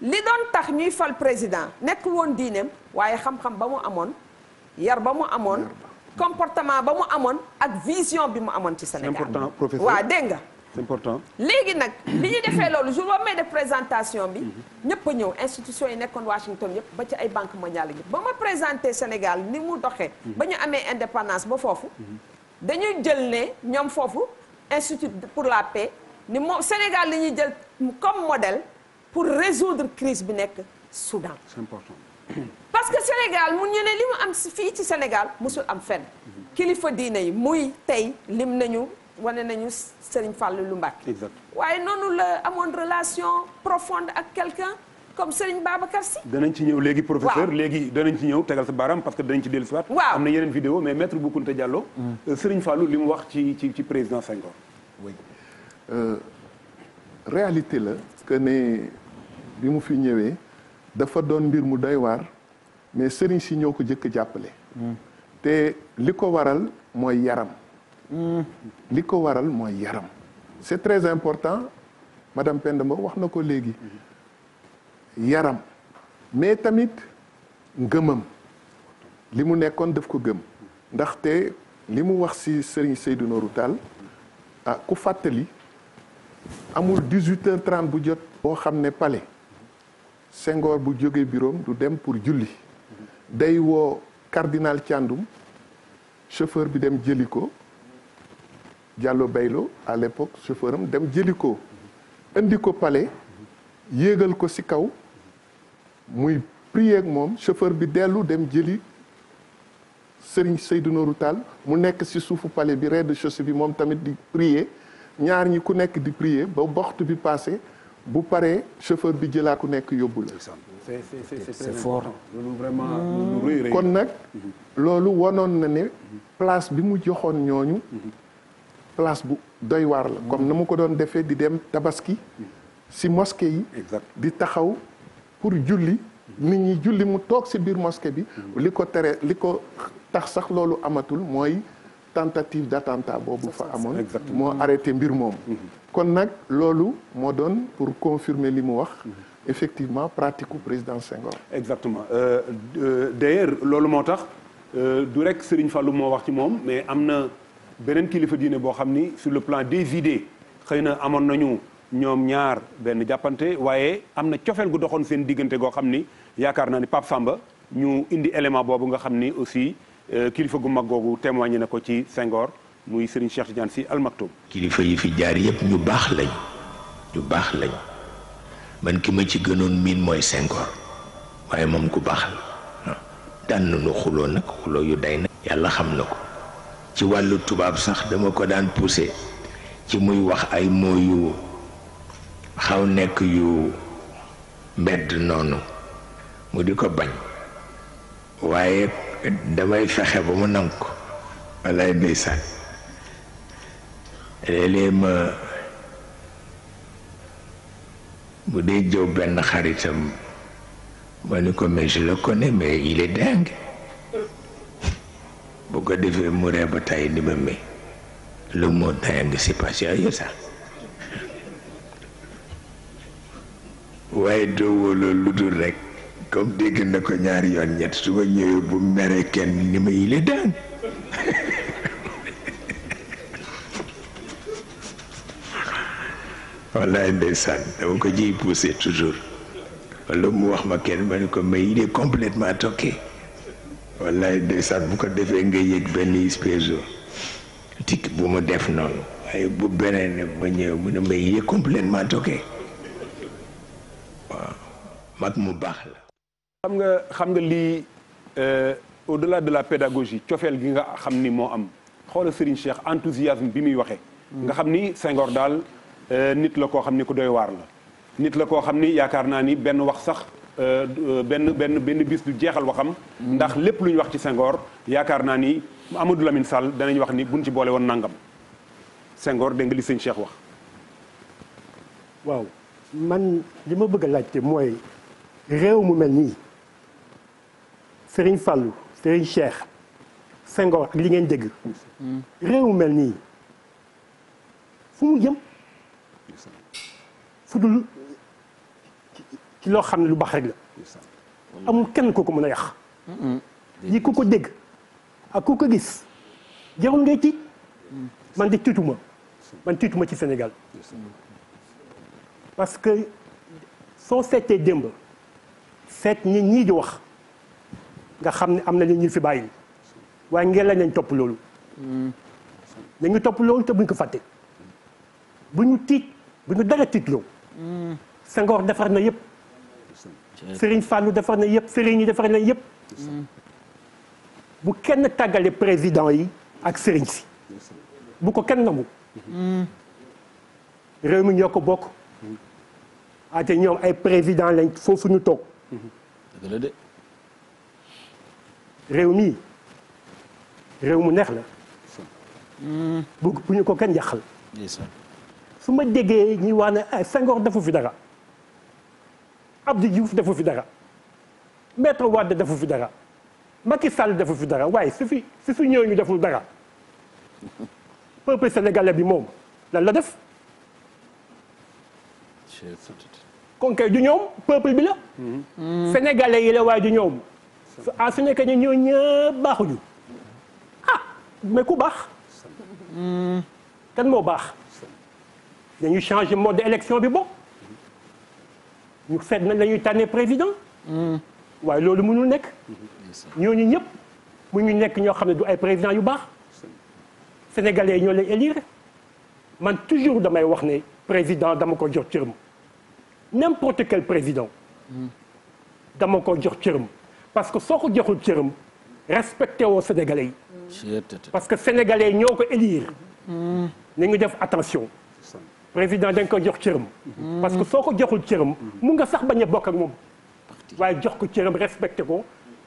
li doon tax ñuy fal président nekk woon diineem waaye xam-xam ba mu amoon yar ba mu amoon comportement ba mu amoon ak vision bi mu amoon ci Sénégal waa dégg nga c'est léegi nag li ñu defee loolu jour ba may def présentation bi ñëpp ñëw institution yi nekkoon Washington yëpp ba ci ay banque mondiale yëpp ba ma présenté Sénégal ni mu doxee ba ñu amee indépendance ba foofu dañuy jël ne ñoom foofu institut pour la paix ni moom Sénégal li ñuy jël comme modèle pour résoudre crise bi nekk Soudan c'est parce que Sénégal mu ñu ne li mu am fii ci Sénégal mosul am fenn kilifa diine yi muy tey lim nañu wane nañu Serigne Fallou Mbacké waaye noonu la amoon relation profonde ak quelqu'un comme Serigne Babacar Sy danañ ci ñëw léegi professeur léegi danañ ci ñëw tegal sa baaraam parce que danañ ci dellu si waat waaw am na yeneen vidéo mais maître Boukounta Diallo mm. euh, Serigne Fallou li mu wax ci ci ci président Senghor oui euh, réalité la que ne bi mu fi ñëwee dafa doon mbir mu doy waar mais Serigne si ñoo ko jëkk jàppale mm. te li ko waral mooy yaram Mmh. li ko waral mooy yaram c'est très important madame Penda Mbow wax na ko léegi yaram mais tamit ngëmam li mu nekkoon daf ko gëm ndaxte li mu wax ci Serigne Seydou Nourou ah ku fàttali amul 18h30 bu jot boo xam ne pale sengoor bu jógee bureau du dem pour julli day woo cardinal Thiandoum chauffeur bi dem jëli ko Diallo Baylo à l'époque chauffeur am dem jëli ko indi ko pale yéegal ko ci kaw muy prier moom chauffeur bi dellu dem jëli Serigne Seydou Nourou Tall mu nekk ci suufu pale bi rez-de-chaussée bi moom tamit di prier ñaar ñi ku nekk di prier ba waxtu bi passé bu paree chauffeur bi jëlaa ku nekk yóbbu la. c'est fort vraiment hmm. kon nag hmm. loolu wonoon na ne place bi mu joxoon ñooñu. Hmm. place bu doy waar la comme na mu ko doon defee di dem tabaski si mosquée yi di taxaw pour julli nit ñi julli mu toog si biir mosquée bi li ko tere li ko tax sax loolu amatul mooy tentative d'attentat boobu fa amoon moo arrêté mbir moom mhm. kon nag loolu moo doon pour confirmer li mu wax mhm. effectivement pratique u président Senghor exactement euh, euh, d'ailleurs loolu moo tax euh, du rek Serigne Fallou moo wax ci moom mais am na beneen kilifa diine boo xam ni sur le plan des idées xëy na amoon nañu ñoom ñaar benn jàppante waaye am na cofeel gu doxoon seen diggante goo xam ni yaakaar naa ni Pape Samba ñu indi élément boobu nga xam ni aussi euh, kilifa gu mag googu témoigné na ko ci sengoor muy Serigne Cheikh Tidiane si Al Maktoum. kilifa yi fi jaar yépp ñu baax lañ ñu baax lañ man ki ma ci gënoon miin mooy Senghor waaye moom ku baax la daan nañu xuloo nag xuloo yu day nag yàlla xam na ko. ci wàllu tubaab sax dama ko daan poussé ci muy wax ay mots yu xaw nekk yu mbedd noonu mu di ko bañ waaye damay fexe ba mu nangu ko walaay ndeysaan léeg-léeg ma bu dee jëw benn xaritam ma ni ko mais je le mais il est dingue bu ko defee mu ree ba tey ni ma mais le mot d'anticipation yi sax waaye doo wóoloo lu dul rek comme dégg na ko ñaar yoon ñett su ma ñëwee bu mere kenn ni ma yile daan wallaay ndeysaan dama ko jiy poussé toujours wala mu wax ma kenn ma ne ko mais il est complètement wallaay ndeysaan bu ko defee nga yëg benn espèce tic bu mu def noonu waaye bu beneen ba ñëw mu ne may yëg complètement toqué waaw mag mu baax la xam nga xam nga lii euh, au delà de la pédagogie cofeel gi nga xam ni moo am xoola Serigne Cheikh enthousiasme bi muy waxee nga xam ni Senghor daal euh, nit la koo xam ni ku doy waar la nit la koo xam ni yaakaar naa ni benn wax sax Euh, euh, benn benn benn bis du jeexal waxam. ndax lépp lu ñu wax ci Senghor yaakaar naa ni Amadou Lamine Sall danañ wax ni buñ ci boole woon nangam Senghor dégg li sëñ Cheikh wax. waaw man li ma bëgg laajte mooy réew mu mel nii Serigne Fallou Serigne Cheikh Senghor ak li ngeen dégg. réew mu mel nii fu mu jëm. fu dul ci loo xam ne lu baax rek la amul kenn ku ko mën a yàq mm-hmm. yi ku ko dégg ak ku ko gis jarul ngay tiit man de tiituma man tiituma ci Sénégal parce que soo seetee démb seet ñi ñii di wax nga xam ne am na ñu fi bàyyi waaye ngeen lañ lañ topp loolu dañu mm-hmm. topp loolu te buñ ko fàtte bu ñu tiit bu ñu dara tiit loolu mm-hmm. Senghor defar na yëpp Euh, Serigne Fallou defar na yëpp Serigne yi defar na yëpp. bu kenn tàggale président yi ak Serigne si. bu ko kenn nangu. réew mi ñoo ko bokk. Hmm. ate ñoom ay président lañ foofu ñu toog. la de. réew mi réew mu neex la. Hmm. bu bu ko kenn yàqal. su ma déggee ñuy wane ne eh, Senghor defu fi dara. Abdou Diouf defu fi dara Maître Wade defu fi dara Macky Sall defu fi dara waaye su fi si su ñëwee ñu deful dara peuple sénégalais bi moom lan la def. kon du ñoom peuple bi la. Mm-hmm. sénégalais yi la waaye du ñoom. ah su nekkee ñu ñëw ñu baaxuñu ah mais ku baax. Mm-hmm. kan moo baax. dañuy changer de d'élection bi bon. ñu feet nañ la tànnee président. waaye mm. loolu mënul nekk. ñooñu ñëpp mu ñu nekk ñoo xam ne du ay président yu baax. sénégalais ñoo leen élire man toujours damay wax ne président dama ko jox cërëm n'importe quel président. Mm. dama ko jox cërëm parce que soo ko joxul cërëm respecté woo sénégalais yi. Mm. parce que sénégalais ñoo ko élire. nañu def attention. président da nga ko jox cëram. parce que soo ko joxul cëram. mun nga sax bañ a bokk ak moom. waaye jox ko cëram respecté ko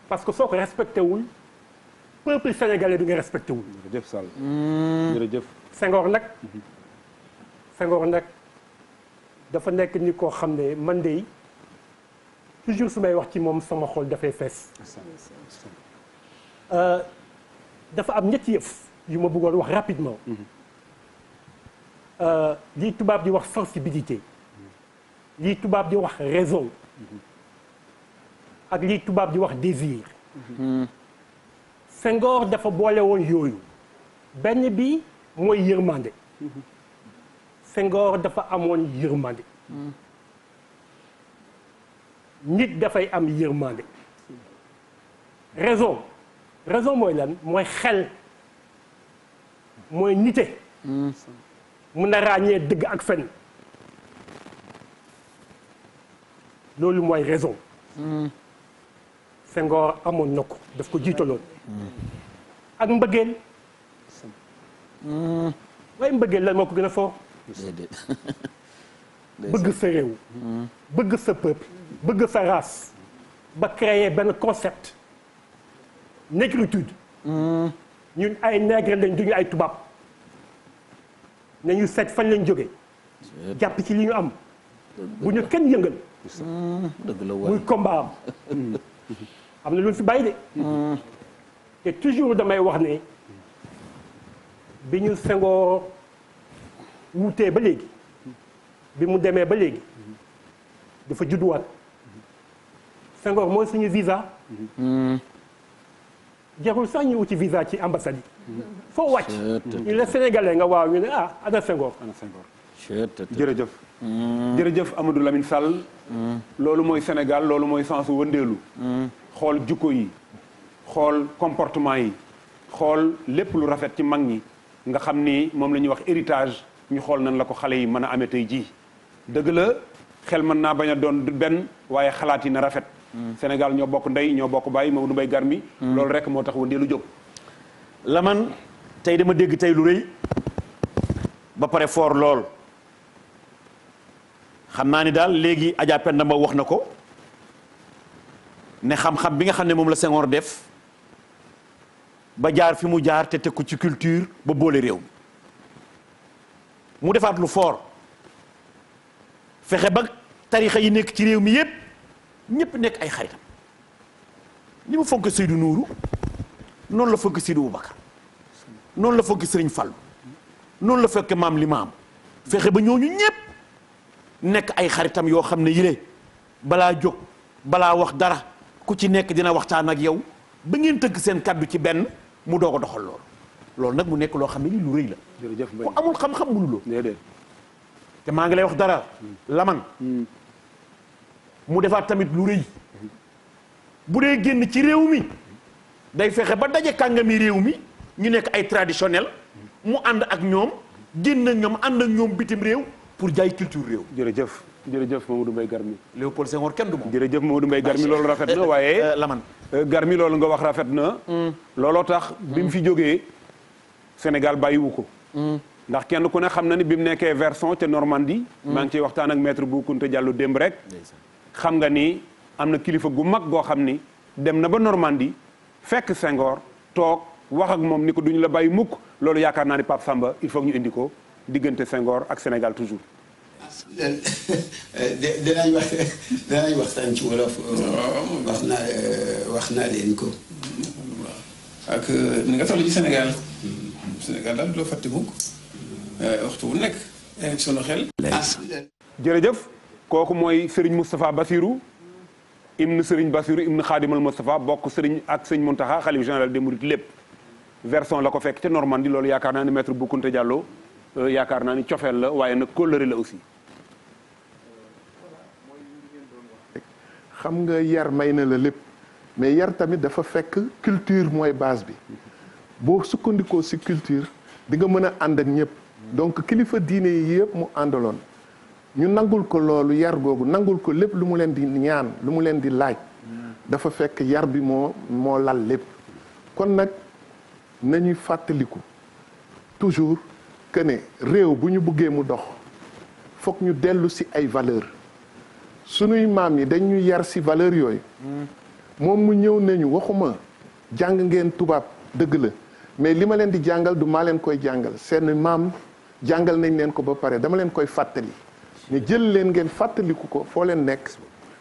parce que soo ko respecté wul peuple sénégalais du nga respecté wul. jërëjëf Sall. Hmm. jërëjëf. Senghor nag. Senghor nag dafa nekk ni koo xam ne man de toujours su may wax ci moom sama xol dafay fees. Euh, dafa am ñetti yëf yu ma buggoon wax rapidement. Mhm. Euh, lii tubaab di wax sensibilité lii tubaab di wax raison ak lii tubaab di wax désir Senghor dafa boole woon yooyu benn bi mooy yërmande Senghor dafa amoon yërmande nit dafay am yërmande raison raison mooy lan mooy xel mooy nite mën a ràññee dëgg ak fen loolu mooy raison hmm. Senghor amoon na ko daf ko jiitaloon hmm. ak mbëggeel hmm. waaye mbëggeel lan moo ko gën a foo bëgg sa réew bëgg sa peuple bëgg sa race ba créer benn concept négritude ñun ay nègre lañ duñu ay tubaab nañu seet fan lañu jóge jàpp ci li ñu am bu ñu kenn yëngal dëgg la muy am am na lu fi bàyyi de te toujours damay wax ne bi ñu Senghor wuutee ba léegi bi mu demee ba léegi dafa judduwaat Senghor mooy suñu visa hmm. jarul sax ñu wuti visa ci ambassade yi foo wàcc. ñu ne sénégalais nga waaw ñu ne ah ana Senghor. jërëjëf. Hmm. jërëjëf Amadou Lamine sal hmm. loolu mooy Sénégal loolu mooy sensu wëndeelu. Hmm. xool jukko yi. xool comportement yi. xool lépp lu rafet ci mag ñi. nga xam ni moom la ñuy wax héritage ñu xool nan la ko xale yi mën a amee tey jii. dëgg la xel mën naa bañ doon benn waaye xalaat yi na rafet. Sénégal ñoo bokk ndey ñoo bokk bàyyi Mamadou Mbaye Garmi. loolu rekk moo tax wëndeelu jóg. laman tey dama dégg tey lu rëy ba pare foor lool xam naa ni daal léegi Adja Penda Mbow wax na ko ne xam-xam bi nga xam ne moom la Senghor def ba jaar fi mu jaar te teg ko ci culture ba boole réew mi mu defaat lu foor fexe ba tarixa yi nekk ci réew mi yépp ñépp nekk ay xaritam ni mu fonk Seydou Nourou noonu la fëgg bu Boubacar noonu la fëgg Sëriñ Fallu noonu la fekk maam li maam fexe ba ñooñu ñépp nekk ay xaritam yoo xam ne yile balaa jóg balaa wax dara ku ci nekk dina waxtaan ak yow ba ngeen tëgg seen kàddu ci benn mu doog ko doxal loolu loolu nag mu nekk loo xam ne lii lu rëy la. jërëjëf ku amul xam-xam mënuloo. déedéet te maa ngi lay wax dara. laman mm. mu defaat tamit lu rëy mm-hmm. bu dee génn ci réew mi. day fexe ba daje kàngami réew mi ñu nekk ay traditionnel mu ànd ak ñoom génn ak ñoom ànd ak ñoom bitim réew pour jaay culture réew. jërëjëf jërëjëf Mamadou Mbaye Garmi. Léopold Senghor kenn du moom. jërëjëf Mamadou Mbaye Garmi loolu rafet na waaye. Euh, Lamane euh, Garmi loolu nga wax rafet na. Mm. looloo tax bi mu fi jógee Sénégal bàyyiwu ko. Mm. ndax kenn ku ne xam na ni bi mu nekkee version te Normandie. Mm. maa ngi ciy waxtaanak ak maître Boukounta jàllu démb rek. xam nga ni am na kilifa gu mag goo xam ni dem na ba Normandie. fekk sengoor toog wax ak moom ni ko duñu la bàyyi mukk loolu yaakaar naa ni Pape Samba il faut ñu indi ko diggante Senghor ak Sénégal toujours. dinañ wax dinañ waxtaan ci wolof. wax naa leen ko. ak ni nga toll ci Sénégal. Sénégal daal doo fàtte mukk waxtu bu nekk. yaa ngi xel. jërëjëf kooku mooy Serigne Moustapha Bassirou. ibn Serigne Bassirou ibn Khadimal Moustapha bokk Serigne ak sëñ Mountakha xalif général des Mourides lépp version la ko fekk te Normandie loolu yaakaar naa ni maître Boukounta Diallo euh, yaakaar naa ni cofeel la waaye na kóllëre la aussi. xam nga yar may na la lépp mais yar tamit dafa fekk culture mooy base bi boo sukkandikoo si culture di nga mën a ànd ak ñëpp donc kilifa diine yi yëpp mu àndaloon. ñu nangul ko loolu yar googu nangul ko lépp lu mu leen di ñaan lu mu leen di laaj dafa fekk yar bi moo moo lal lépp kon nag nañuy fàttaliku toujours que ne réew bu ñu buggee mu dox foog ñu dellu si ay valeur sunuy maam yi dañuy yar si valeur yooyu moom mu ñëw nañu waxuma jàng ngeen tubaab dëgg la mais li ma leen di jàngal du maa leen koy jàngal seen maam jàngal nañ leen ko ba pare dama leen koy fàttali ne jël leen ngeen fàttaliku ko foo leen nekk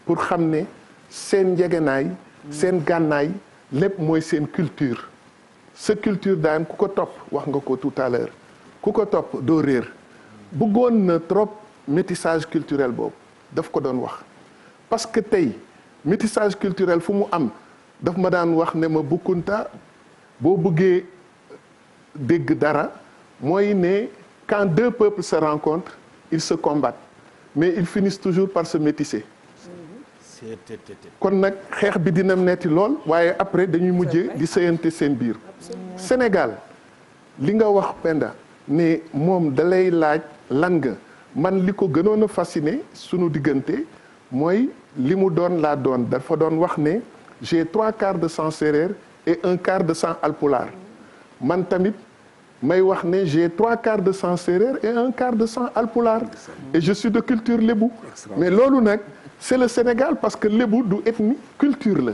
pour xam ne seen njegenaay seen gànnaay lépp mooy seen culture sa culture daan ku ko topp wax nga ko toutaleur ku ko topp doo réer bëggoon na trop métissage culturel boobu daf ko doon wax parce que tey métissage culturel fu mu am daf ma daan wax ne ma bukkunta boo buggee dégg dara mooy ne quand deux peuples se rencontrent ils se combattent mais il finissent toujours par se métisser. kon nag xeex bi dina metti lool waaye après dañuy mujje di sëyante seen biir. Sénégal li nga wax Penda ne moom dalay laaj lan nga man li ko gënoon a sunu diggante mooy li mu doon laa doon dafa doon wax ne j'ai trois quarts de sang séeréer et un quart de sang alpulaar man tamit. may wax ne j'ai trois quarts de sang séeréer et un quart de sang alpulaar et je suis de culture lébu mais loolu nag c'est le Sénégal parce que lébu du ethnie culture la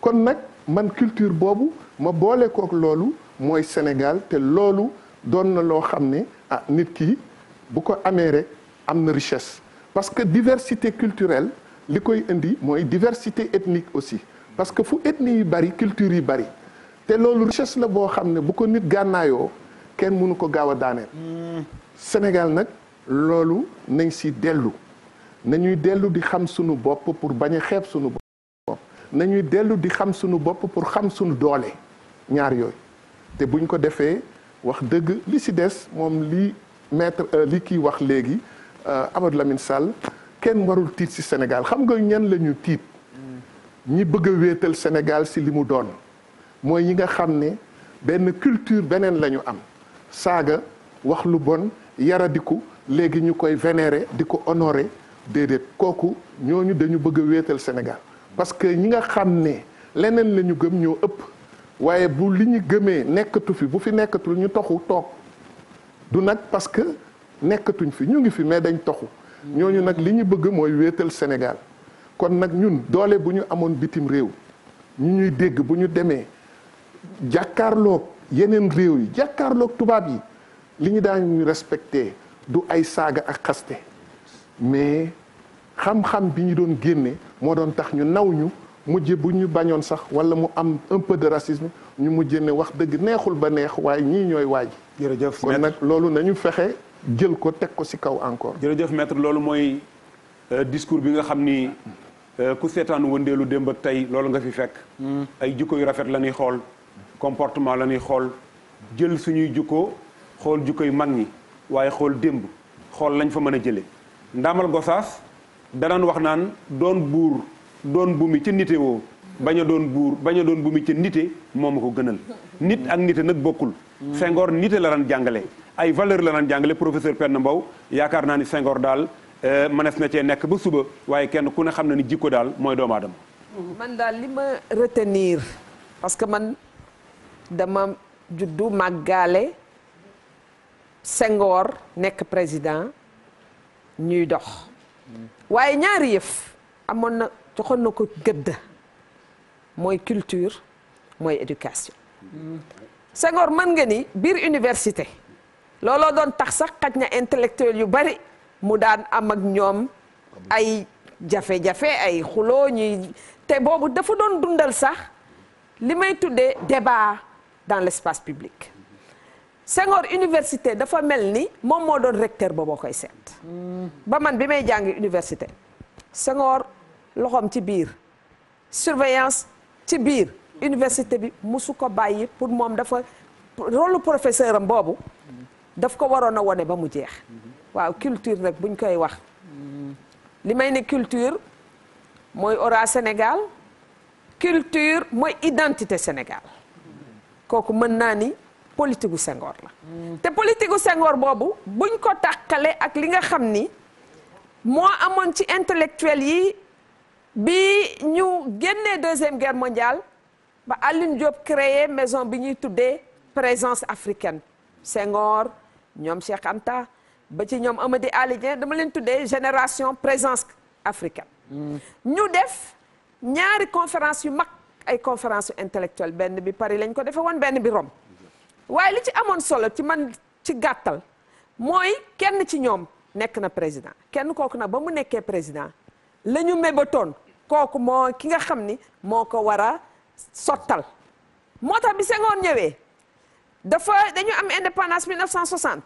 kon nag man culture boobu ma boole kook loolu mooy Sénégal te loolu doon na loo xam ne ah nit ki bu ko amee rek am na richesse parce que diversité culturelle li koy indi mooy diversité ethnique aussi parce que fu ethnie yu bari culture yu bari te loolu richesse la boo xam ne bu ko nit gànnaayoo kenn mënu ko gaaw a daaneel. Sénégal nag loolu nañ si dellu nañuy dellu di xam sunu bopp pour bañ a xeeb sunu bopp nañuy dellu di xam sunu bopp pour xam sunu doole ñaar yooyu te buñ ko defee wax dëgg li si des moom li metre euh, li kii wax léegi euh, Amadou Lamine Sall kenn warul tiit si Sénégal xam nga ñan lañu tiit mm. ñi bëgg wéetal Sénégal si li mu doon. mooy ñi nga xam ne benn culture beneen la ñu am saaga wax lu bon yaradiku léegi ñu koy vénérer di ko honorer déedéet kooku ñooñu dañu bëgg a wéetal Sénégal parce que ñi nga xam ne leneen la ñu gëm ñoo ëpp waaye bu li ñu gëmee nekkatu fi bu fi nekkatul ñu toxu toog du nag parce que nekkatuñ fi ñu ngi fi mais dañ toxu ñooñu nag li ñu bëgg mooy wéetal Sénégal kon nag ñun doole bu ñu amoon bitim réew ñu ñuy dégg bu ñu demee jàkkaarlook yeneen réew yi jàkkaarlook tubaab yi li ñu daañu respecté du ay saaga ak xaste mais xam-xam bi ñu doon génne moo doon tax ñu naw ñu mujje bu ñu bañoon sax wala mu am un peu de racisme ñu mujje ne wax dëgg neexul ba neex waaye ñii ñooy waaj. jërëjëf kon nag loolu nañu fexe jël ko teg ko ci kaw encore. jërëjëf maître loolu mooy euh, discours bi nga xam ni euh, ku seetaan wëndeelu démb ak tey loolu nga fi fekk. Hmm. ay jikko yu rafet la ñuy xool. comportement la ñuy xool jël suñuy jukkoo xool jukko yu mag ñi waaye xool démb xool lañ fa mën a jëlee ndaamal gosaas danaan wax naan doon buur doon bu mi ca nite woo bañ doon buur bañ a doon bu mi ca nite moom ma ko gënal nit ak nite nag bokkul Senghor nite la daan jàngale ay valeur la daan jàngale professeur Penda mbaw yaakaar naa ni Senghor daal euh, mënees na cee nekk ba suba waaye kenn ku ne xam na ni jikko daal mooy doomu aadama man daal li ma retenir dama juddu màggaale Senghor nekk président ñuy dox waaye ñaari yëf amoon na joxoon na ko gëdd mooy culture mooy éducation Senghor mën nga ni biir université looloo doon tax sax xaj na intellectuel yu bari mu daan am ak ñoom ay jafe-jafe ay xuloo ñuy te boobu dafa doon dundal sax li may tuddee débat dans l'espace public Senghor université dafa mel ni moom moo doon recteur ba boo koy seet ba man bi may jàngi université Senghor loxoom ci biir surveillance ci biir université bi musu ko bàyyi pour moom dafa rôle professeur am boobu daf ko waroon a wone ba mu jeex waaw culture nag buñ koy wax li may ne culture mooy aura Sénégal culture mooy identité Sénégal kooku mën naa ni politique gu Senghor la. te politique gu Senghor boobu buñ ko tàqale ak li nga xam ni moo amoon ci intellectuel yi bi ñu génnee deuxième guerre mondiale ba Alioune Diop créé maison bi ñuy tuddee présence africaine Senghor ñoom Cheikh Anta ba ci ñoom Amady Aly Dieng dama leen tuddee génération présence africaine. Mm. ñu def ñaari conférence yu mag. ay conférence intellectuelle benn bi Paris lañ ko defe woon benn bi Rome waaye li ci amoon solo ci man ci gàttal mooy kenn ci ñoom nekk na président kenn kooku nag ba mu nekkee président la ñu mébatoon kooku moo ki nga xam ni moo ko war a sottal moo tax bi Senghor ñëwee dafa dañu am indépendance 1960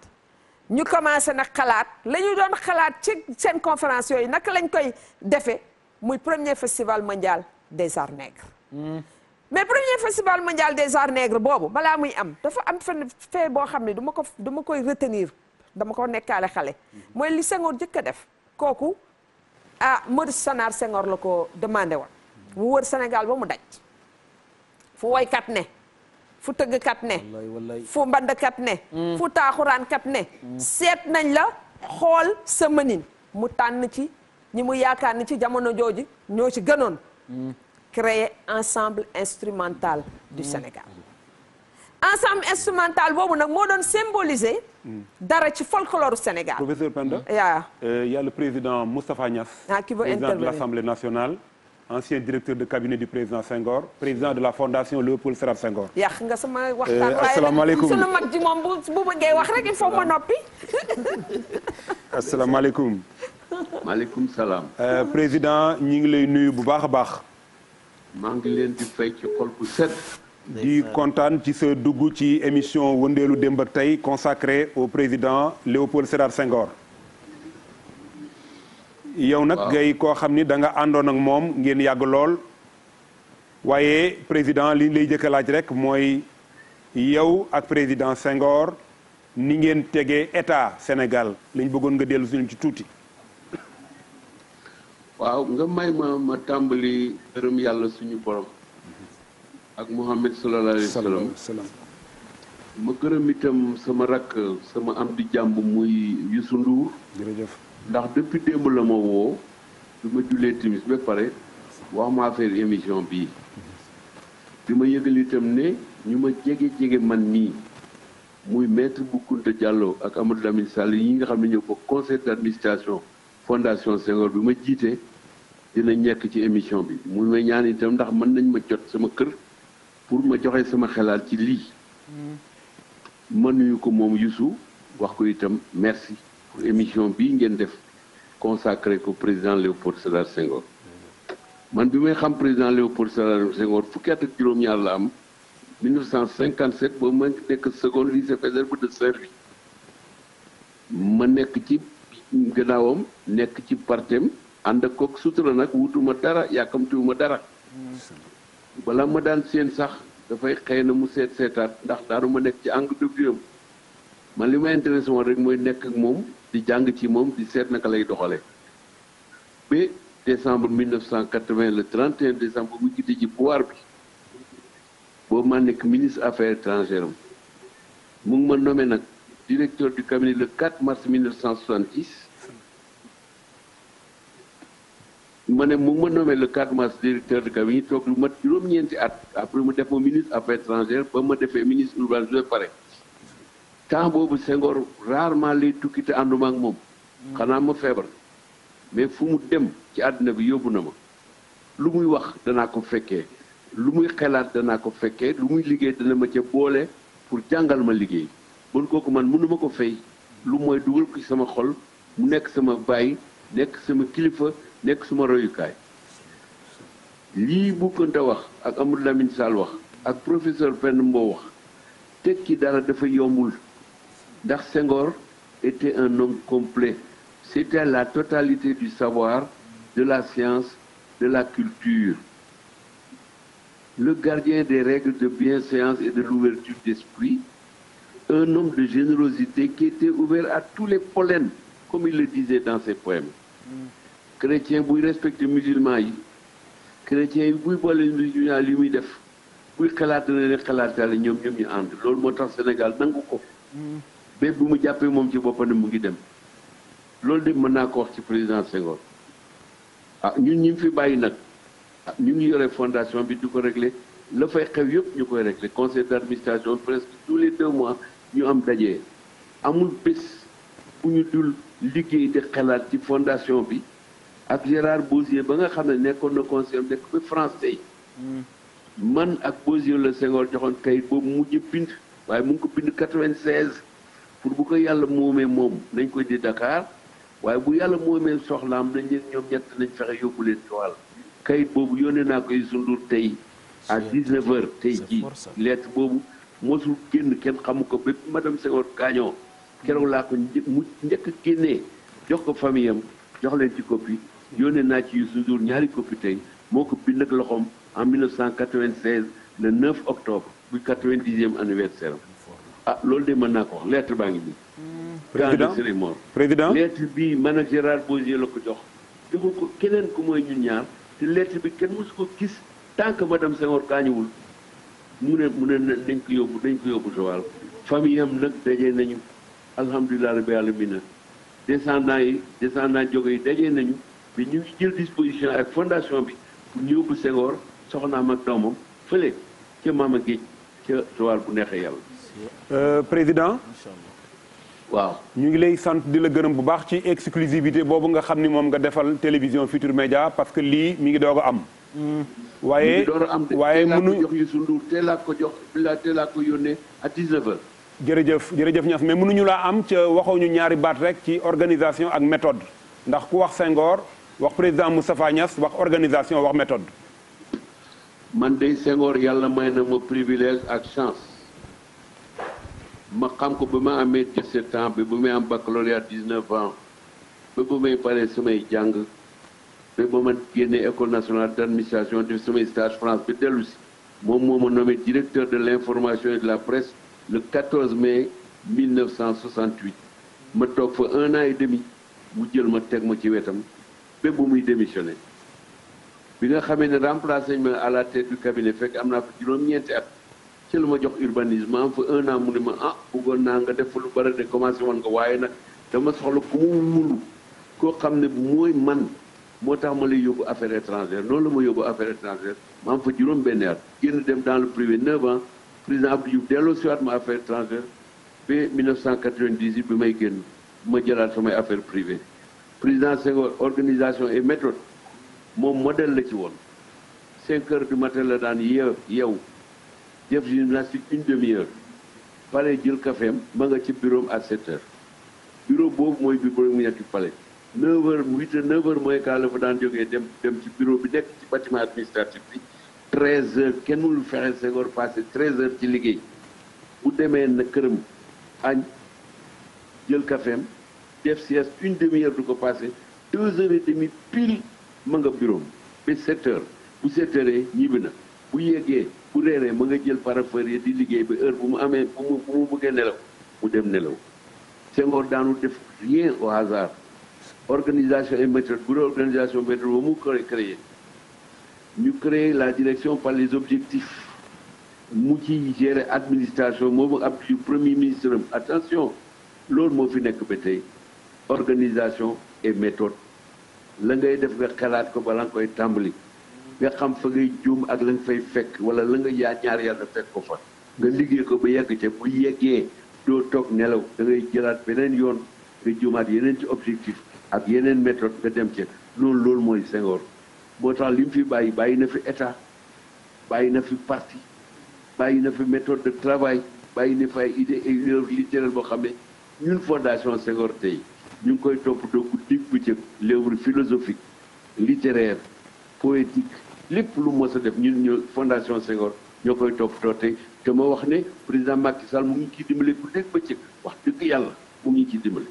ñu commencé nag xalaat la ñu doon xalaat ci seen conférence yooyu naka lañ koy defee muy premier festival mondial des arts nègres mais premier festival mondial des arts nègres boobu balaa muy am dafa am fenn fee boo xam ne duma ko dama koy retenir dama ko nekkaale xale. mooy li Senghor jëkk a def kooku ah Maurice Senghor Senghor la ko demandé woon. mu wër Sénégal ba mu daj fu woykat ne fu tëggkat ne fu mbandkat ne mm. fu taaxuraankat ne mm. seet nañ la xool sa mënin mu tànn ci ñi mu yaakaar ni ci jamono jooju ñoo ci gënoon mm. créer ensemble instrumental du Sénégal ensemble instrumental boobu nag moo doon symboliser dara ci folklore Sénégal professeur Penda yaa euh, y le président Moustapha Niass ah qui veut intervenir président de l'Assemblée nationale ancien directeur de cabinet du président Senghor président de la fondation Léopold Sédar Senghor. yàq nga sama waxtaan euh, asalaamaaleykum mag ji moom bu bu bëggee wax rek il faut ma maaleykum salaam. Euh, président ñi ngi lay nuyu bu baax a baax. maa ngi leen di ci xol bu kontaan ci sa dugg ci émission wëndeelu démb ak tey consacrée au président Léopold Sédar sengoor yow nag ngay koo xam ni da nga àndoon ak moom ngeen yàgg lool. waaye président li lay jëkk a laaj rek mooy yow ak président sengoor ni ngeen tegee état Sénégal lañ bëggoon nga dellu suñu ci tuuti. waaw nga may ma ma tàmbali gërëm yàlla suñu borom ak Muhammad sallallahu alayhi wa sallam ma gërëm itam sama rakk sama am di jàmb muy Youssou Ndour ndax depuis démb la ma woo bi ma jullee timis ba pare wax ma affaire émission bii bi ma yëgal itam ne ñu ma jege jege man nii muy maître Boucounta Diallo ak Amadou Lamine Sall yi nga xam ne ñoo bokk conseil d'administration fondation Senghor bi ma jiite dinañ nekk ci émission bi mu may ñaan itam ndax man nañ ma jot sama kër pour ma joxe sama xalaat ci lii hmm. ma nuyu ko moom Youssou wax ko itam merci pour émission bii ngeen def consacré ko président Léopold Sédar Senghor man bi may xam président Léopold Sédar Senghor fukki at ak juróom-ñaar la am 1957 ba ma nekk seconde lycée fédéral bu de Saint-Louis ma nekk ci gannaawam nekk ci partem ànd ak kook sutura nag wutuma dara yàkkamtiwuma dara bala ma daan seen sax dafay xëy na mu seet seetaat ndax daanuma nekk ci angle de man li ma intéressé woon rek mooy nekk ak moom di jàng ci moom di seet naka lay doxale ba décembre 1980 le 31 décembre mu quitté ci pouvoir bi boobu maa nekk ministre affaires étrangères am mu ngi ma nommé nag directeur du cabinet le 4 mars 1970 ma ne mu ma nommé le 4 mars directeur de cabinet toog lu mat juróom-ñeenti at après mu def ma ministre affaires étrangères ba ma defee ministre urbain ba pare temps boobu sengoor rarement lay tukki te ànduma ak moom. xanaa ma feebar. mais fu mu dem ci àddina bi yóbbu na ma lu muy wax danaa ko fekkee lu muy xelaat danaa ko fekkee lu muy liggéey dana ma ca boole pour jàngal ma liggéey bon kooku man mënuma ko fay lu mooy dugal ko ci sama xol mu nekk sama baay nekk sama kilifa. nekk suma lii bukkante wax ak Amadou Lamine Sall wax ak professeur Penda Mbow wax tekki dara dafa yombul ndax Senghor était un homme complet c'était la totalité du savoir de la science de la culture le gardien des règles de bienséance et de l'ouverture d'esprit un homme de générosité qui était ouvert à tous les pollens comme il le disait dans ses poèmes chrétien buy respecté musulman yi chrétien yi buy boole musulman li muy def buy xalaat dana leen xalaatale ñoom ñoom ñu ànd loolu moo tax Sénégal nangu ko mm. bépp bu mu jàppee moom ci boppam mu ngi dem loolu de mën naa ko wax ci président Senghor ah ñun ñu fi bàyyi nag ah, ñu ngi yore fondation bi du ko réglé la fay xew yëpp ñu koy réglé conseil d'administration presque tous les deux mois ñu am dajee amul bés bu ñu dul liggéey di xalaat ci fondation bi ak Gérard Boussier ba nga xam ne nekkoon na conseil nekk ba français hmm. man ak Boussier la Senghor joxoon kayit boobu mujj bind waaye mu ngi ko bind 96 pour bu ko yàlla moomee moom nañ koy di Dakar waaye bu yàlla moomee soxlaam nañ leen ñoom ñett nañ fexe yóbbu leen ci kayit boobu yónnee naa koy sundur tey à 19 heures tey jii lettre boobu mosul génn kenn xamu ko ba madame Senghor gaañoo keroog laa ko mu njëkk génnee jox ko famille jox leen ci copie yónnee naa ci Youssou Ndour ñaari copie tey moo ko bind ak loxoom en 1996 le 9 octobre bu 90e anniversaire am ah loolu de mën naa ko wax lettre baa ngi nii. Hmm. président président lettre bi man ak Gérard Bozier la ko jox. joxu ko keneen ku mooy ñun ñaar te lettre bi kenn mosu ko gis tant que madame Senghor kaañuwul mu ne mu ne nañ ko yóbbu dañ ko yóbbu Joal. famille am nag daje nañu alhamdulilah rabbi alamina descendant yi descendant jóge yi daje nañu. bi ñu jël disposition ak fondation bi pour ñu yóbbu Senghor soxnaam ak doomam fële ca Maama Géej ca Joal bu neexee yàlla. Euh, président. waaw ñu ngi lay sant di la gërëm bu baax ci exclusivité boobu nga xam ni moom nga defal télévision Futur Média parce que lii mi ngi doog a am. Hmm. waaye waaye mënu jox yu sunduur teel laa ko jox teel laa ko yónnee jërëjëf jërëjëf Niass mais mënuñu laa am ca waxoo ñaari baat rek ci organisation ak méthode ndax ku wax Senghor wax président Moustapha Niass wax organisation wax méthode. man de Senghor yàlla may na ma privilège ak chance ma xam ko ba ma amee 17 ans ba bu may am baccalauréat 19 ans ba bu may paree samay jàng ba ba ma génnee école nationale d' administration def samay stage France ba dellusi si moom moo ma nommé directeur de l' information et de la presse le 14 mai 1968 ma toog fa un an et demi mu jël ma teg ma ci wetam. ba bu muy démissionné bi nga xamee ne remplacé ma à la tête du cabinet fekk am naa fa juróom-ñeenti at ci lu ma jox urbanisement am fa un an mu ne ma ah bëggoon naa nga def lu bari de commencé woon nga waaye nag dama soxla ku mu mulu koo xam ne bu mooy man moo tax ma lay yóbbu affaire étrangère noonu la ma yóbbu affaire étrangère ma am fa juróom benn at génn dem dans le privé 9 ans président Abdou Diouf delloo siwaat ma affaire étrangère ba 1998 bi may génn ma jëlaat samay affaire privée président Senghor organisation et méthode moom modèle la ci woon cinq heures du matin la daan yeew yeew def gymnastique une demi-heure pare jël caféem ma nga ci bureau à sept heures bureau boobu mooy bi borom ñetti palais neuf heures huit fa daan jógee dem dem ci bureau bi nekk ci bâtiment administratif bi treize heures kenn mënul fexe Senghor passé treize heures ci liggéey bu demee na këram añ jël caféem def sieste une demi-heure du ko passé deux heures et demie pile ma nga bureau ba sept bu sept heures ñibbi na bu yeggee bu reeree ma nga jël parapheur yi di liggéey ba heure bu mu amee bu mu bu mu bëggee nelaw mu dem nelaw Senghor daanu def rien au hasard organisation et méthode bureau organisation méthode ba mu koy créé ñu créé la direction par les objectifs mu ci gérer administration moom ab premier ministre am attention loolu moo fi nekk ba tey organisation et méthode la ngay def nga xalaat ko bala nga koy tàmbali nga xam fa ngay juum ak la nga fay fekk wala la nga yaa ñaar yàlla fekk ko fa nga liggéey ko ba yegg ca bu yeggee doo toog nelaw da ngay jëlaat beneen yoon nga juumat yeneen ci objectif ak yeneen méthode nga dem ca loolu loolu mooy Senghor moo tax li fi bàyyi bàyyi na fi état bàyyi na fi parti bàyyi na fi méthode de travail bàyyi na fi ay idée et littéral boo xam ne ñun fondation Senghor ñu ngi koy toppatoo guddi bëccëg l'œuvre philosophique littéraire poétique lépp lu mos a def ñun ñu fondation Senghor ñoo koy toppatoo tey te ma wax ne président Macky Sall mu ngi ciy dimbale guddi ak bëccëg wax dëgg yàlla mu ngi ciy dimbale.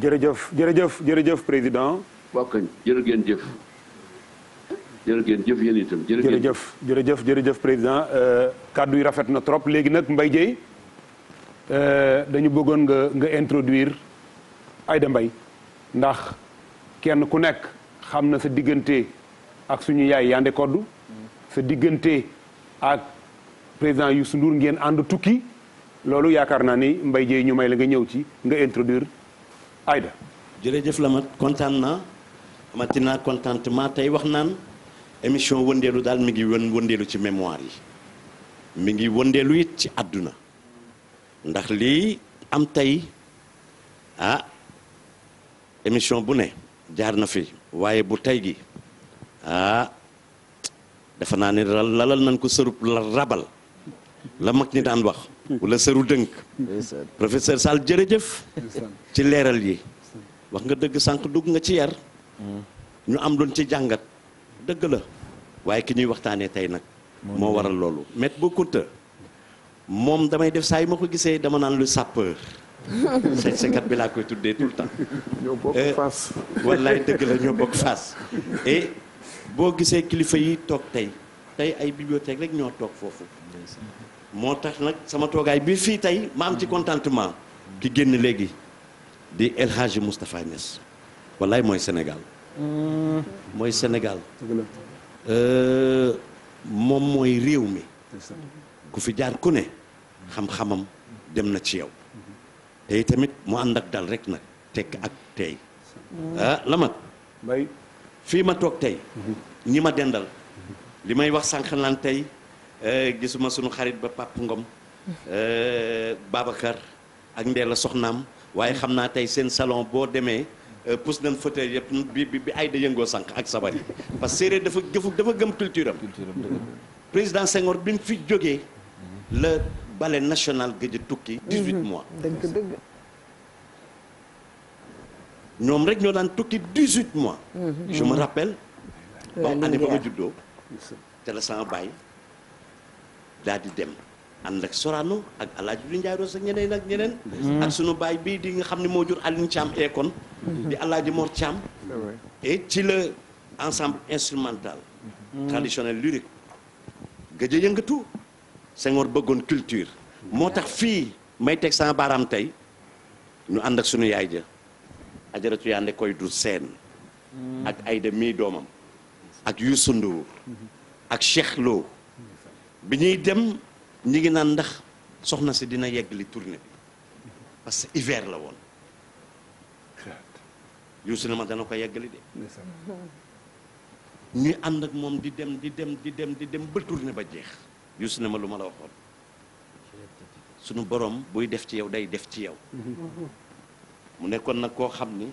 jërëjëf jërëjëf jërëjëf président. waaw kañ jërë ngeen jëf. jërëjëf jëf yéen itam jërëjëf jërëjëf jërëjëf président euh, kàddu yi rafet na trop léegi nag Mbaye Dièye Euh, dañu bëggoon nga nga introduire Aïda Mbaye ndax kenn ku nekk xam na sa diggante ak suñu yaay Yandé Codou sa diggante ak président yu Ndour ngeen ànd tukki loolu yaakaar naa ni mbay Dièye ñu may la nga ñëw ci nga introduire Aïda jërëjëf la mat kontaan naa amati naa contentement tey wax naan émission wëndeelu daal mi ngi wën wëndeelu ci mémoire yi mi ngi wëndeelu it ci àdduna ndax lii am tey ah émission bu ne jaar na fi waaye bu tey gi ah dafa naa ne lalal nañ ko sëru rabal la mag ñi daan wax wala sëru dënk professeur Sall jërëjëf ci leeral yi wax nga dëgg sànq dugg nga ci yar ñu am luñ ci jàngat dëgg la waaye ki ñuy waxtaanee tey nag moo waral loolu met bu kunta moom damay def saa yi ma ko gisee dama naan lu sapeur seet sekat bi laa koy tuddee tout le temps. ñoo bokk euh, face. wallaay dëgg la ñoo bokk face et boo gisee kilifa yi toog tey tey ay bibliothèque rek ñoo toog foofu. moo tax nag sama toogaay bi fii tey ma am ci contentement. ki génn léegi di El Hadji Moustapha Niass. wallaay mooy Sénégal. Mm. mooy Sénégal. Euh, moom mooy réew mi. ku fi jaar ku ne xam-xamam dem na ci yow tey tamit mu ànd ak dal rek nag tekk ak tey ah la mag fii ma toog tey mhm. ñi ma dendal li may wax sànq naan tey eh, gisuma sunu xarit ba Pape Ngom eh, Babacar ak Ndella soxnaam waaye xam naa tey seen salon boo demee eh, pousse nañ fauteuil yëpp bi bi ay da yëngoo sànq ak sabar yi parce que séeréer dafa gëfu dafa gëm culture président Senghor bi mu fi jógee le ballet national gëj tukki mhm. tukki. 18 mois dëgg dëgg. ñoom rek ñoo daan tukki 18 mois. Mhm. je me rappelle. bon année ba ma juddoo. te la sama bàyyi daal di dem. ànd ak Sorano ak El Hadj Doudou Ndiaye Rose ak ñeneen ak ñeneen. Mhm. ak sunu baay bii di nga xam ne moo jur Alioune Thiam Ekon. di El Hadj Mor Thiam. ci la ensemble instrumental. traditionnel lyrique gëj a yëngatu. Senghor bëggoon culture moo tax fii may teg sama baaraam tey ñu ànd ak sunu yaay ja ajaratu yaande koy du seen ak Aïda mii doomam ak Youssou Ndour ak Cheikh bi ñuy dem ñi ngi naan ndax soxna si dina yegg li tournée bi parce que hiver la woon Youssou ne ma dana ko yeggali de ñuy ànd ak moom di dem di dem di dem di dem ba tournée ba jeex yusu ne ma lu ma la waxoon sunu borom buy def ci yow day def ci yow mu nekkoon nag koo xam ni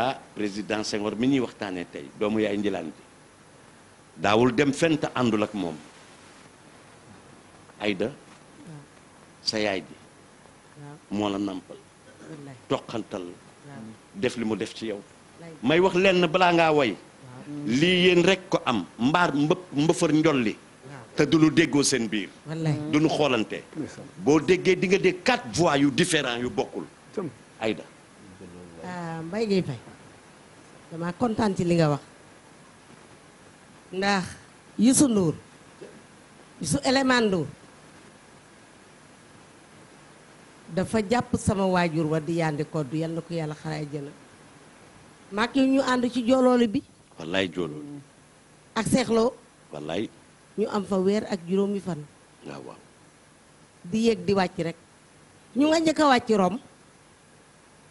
ah président Senghor mi ñuy waxtaanee tey doomu yaay njilaan bi daawul dem fenn àndul ak moom ayda sa yaay ji moo la nàmpal toqantal def li mu def ci yow may wax lenn balaa ngaa woy lii yéen rek ko am mbaar mbëpp mbëfër njolli te du lu déggoo seen biir. du ñu xoolante. boo déggee di nga dégg quatre voix yu différents yu bokkul. Aïda. ah Mbaye Gueye Faye dama kontaan ci li nga wax ndax Youssou Ndour Youssou Élément Ndour dafa jàpp sama waajur wa di yandi koddu yal ko yàlla xaraay jëna maak ñu ñu ànd ci joolooli bi wallaay joolooli ak seexloo ñu am fa weer ak juróomi fan. Ah, waaw di yéeg di wàcc rek. ñu nga njëkk a wàcc Rome.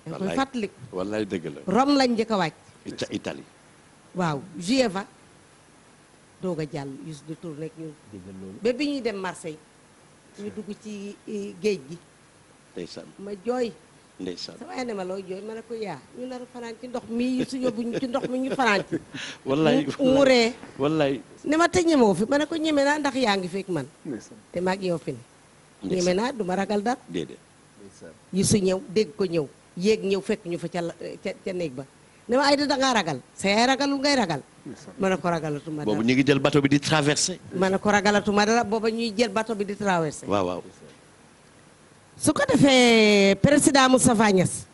da koy fàttali. la Rome lañ njëkk a wàcc. Italie. waaw Genève doog a jàll us de tour rek ñun. ba bi ñuy dem Marseille. ñu dugg ci eh, géej gi. ma jooy. ndeysaan sama ne ma looy jooy ma ko yaa ñu nar a fanaan ci ndox mi yu su yóbbu ci ndox mi ñu fanaan ci wallaay mu ree wallaay ma te ñemewu fi ma ko ñeme naa ndax yaa ngi feek man te maag yow fi ne ñeme naa du ma ragal dara déedéet yu su ñëw dégg ko ñëw yéeg ñëw fekk ñu fa ca néeg ba ne ma ay da dangaa ragal sa yaay ragalul ngay ragal ma ko ragalatuma dara boobu ñu ngi jël bateau bi di traversé ma ko ragalatuma dara booba ñuy jël bateau bi di traversé waaw waaw su ko defee président Moustapha Niasse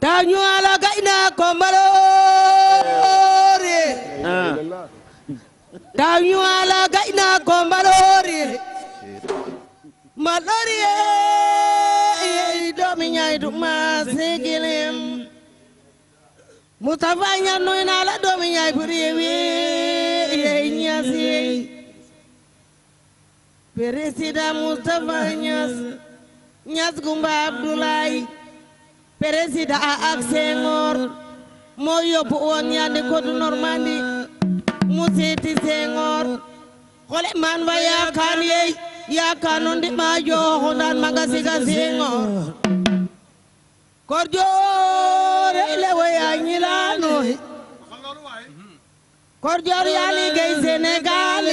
ta ñu ala ga ina ko mbalori ta doomi ñay du ma sigilim Moustapha Niasse noy na la doomi ñay bu réewi e ñasi président Moustapha Niass Niass Gumba Abdoulaye président ak Senghor moo yóbbu woon ñaandi ko du Normandie mu seeti Senghor xole man fa yaakaan yey yaakaanoon di maa jooxo daan ma nga siga Senghor kor joore le we yaa ñilaanoy kor joor yaa liggéey Sénégal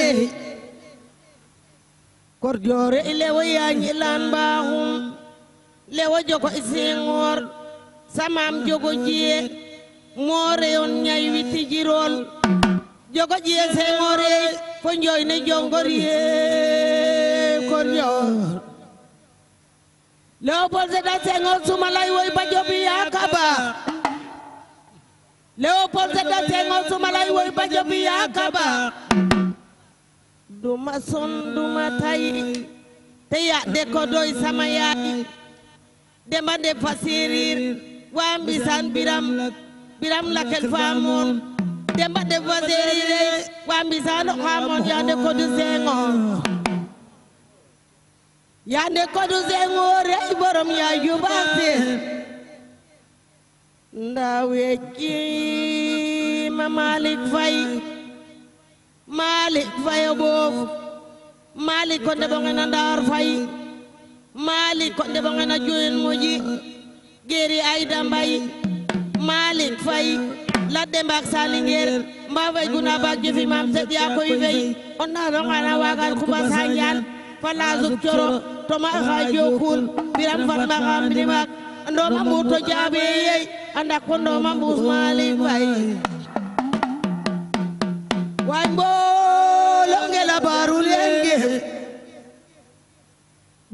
korjoore i lewo yaañ i laan mbaaxum lewo jogo i seengoor samaam jogo jiye moo reyoon ñay wi tijirool jogo jiye seengoor yeey fo njooy ne jongoor yeey korjoor Léopold Sédar lay woy ba jobi yaa kaba Léopold Sédar Senghor suma lay woy ba jobi yaa kaba duma son duma tay te yaɗde ko doy sama yaay demba de fa séeréer waa mbisaan biram biram lakel faamoon demba de fa séeréer waa mbisaan xaamoon yaande ko du ko du seengo rey borom yaay yu baax séer ndawe ki ma Malick Faye malik ko nde ɓongen a ndaar malik ko nde ɓongen a joyen moƴi geeri ayda malik fayi ladde mbak salinguer mbafay guna mbak jofi mam seɗya koy fey on naɗongana wagan kuɓas ha ndian fala sub coro toma xa jokun biram fatma xa mbiɗimak ndoma mbuur to jaaɓe yey a ndak ko ndoma mbuus malik fayi waay mboo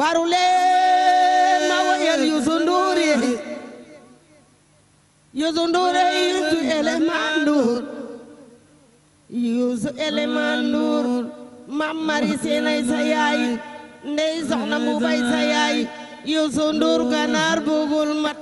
faru leen ma woyal Youssou Ndour yi Youssou Ndour Youssou Élément Ndour Youssou Élément Ndour Mam Mari Seenay sa ndey soxna mu bay sa yaay Youssou ganaar bugul mat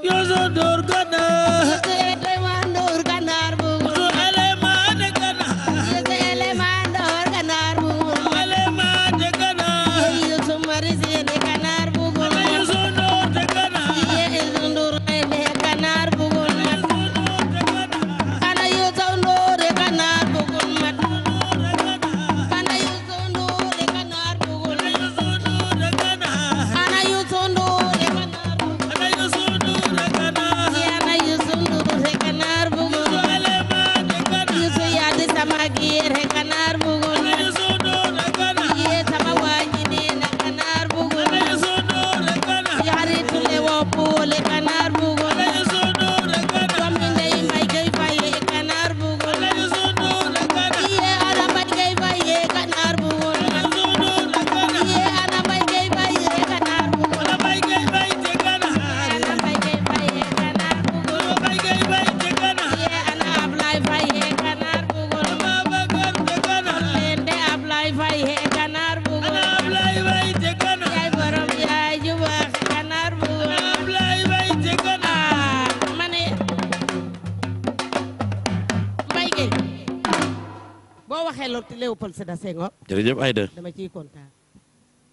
Sédar Senghor. dama ciy kontaan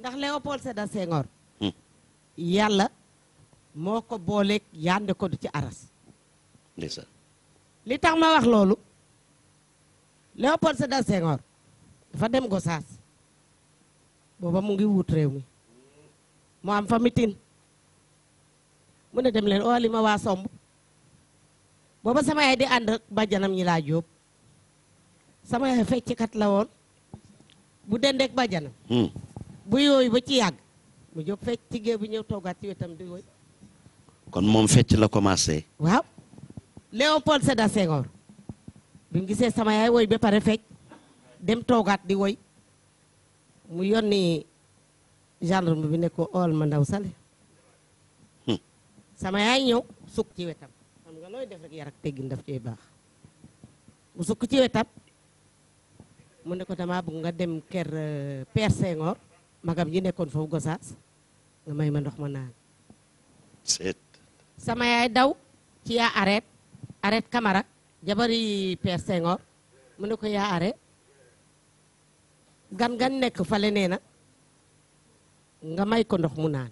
ndax Léopold Sédar Senghor. Hmm. yàlla moo ko booleeg yande ko du ci aras. li tax ma wax loolu Léopold Sédar Senghor dafa dem Gosaas booba mu ngi wut réew mi mu am fa mitin mu ne dem leen oo li ma waa somb booba sama yaay di ànd ba janam ñi laa jóob sama yaay feccikat la woon bu dendeek bàjjanam hmm. bu yooyu ba ci yàgg mu jóg fecc ci géej bu ñëw toogaat ci wetam di woy kon moom fecc la commencé waaw Léon Paul Sédar bi mu gisee sama yaay woy ba pare fecc dem toogaat di woy mu yónni gendarme bi nekkoo ko ool ma ndaw sale hmm. sama yaay ñëw sukk ci wetam xam nga looy def rek yar ak teggin daf cee baax mu sukk ci wetam mu ne ko dama bëgg nga dem kër euh, Père Senghor magam yi nekkoon foofu Gosaas nga may ma ndox ma naan sama yaay daw ci yaa arrêt arrêt Camara jabari Père Senghor mu ne ko yaa arrêt gan gan nekk fale nee na nga may ko ndox mu naan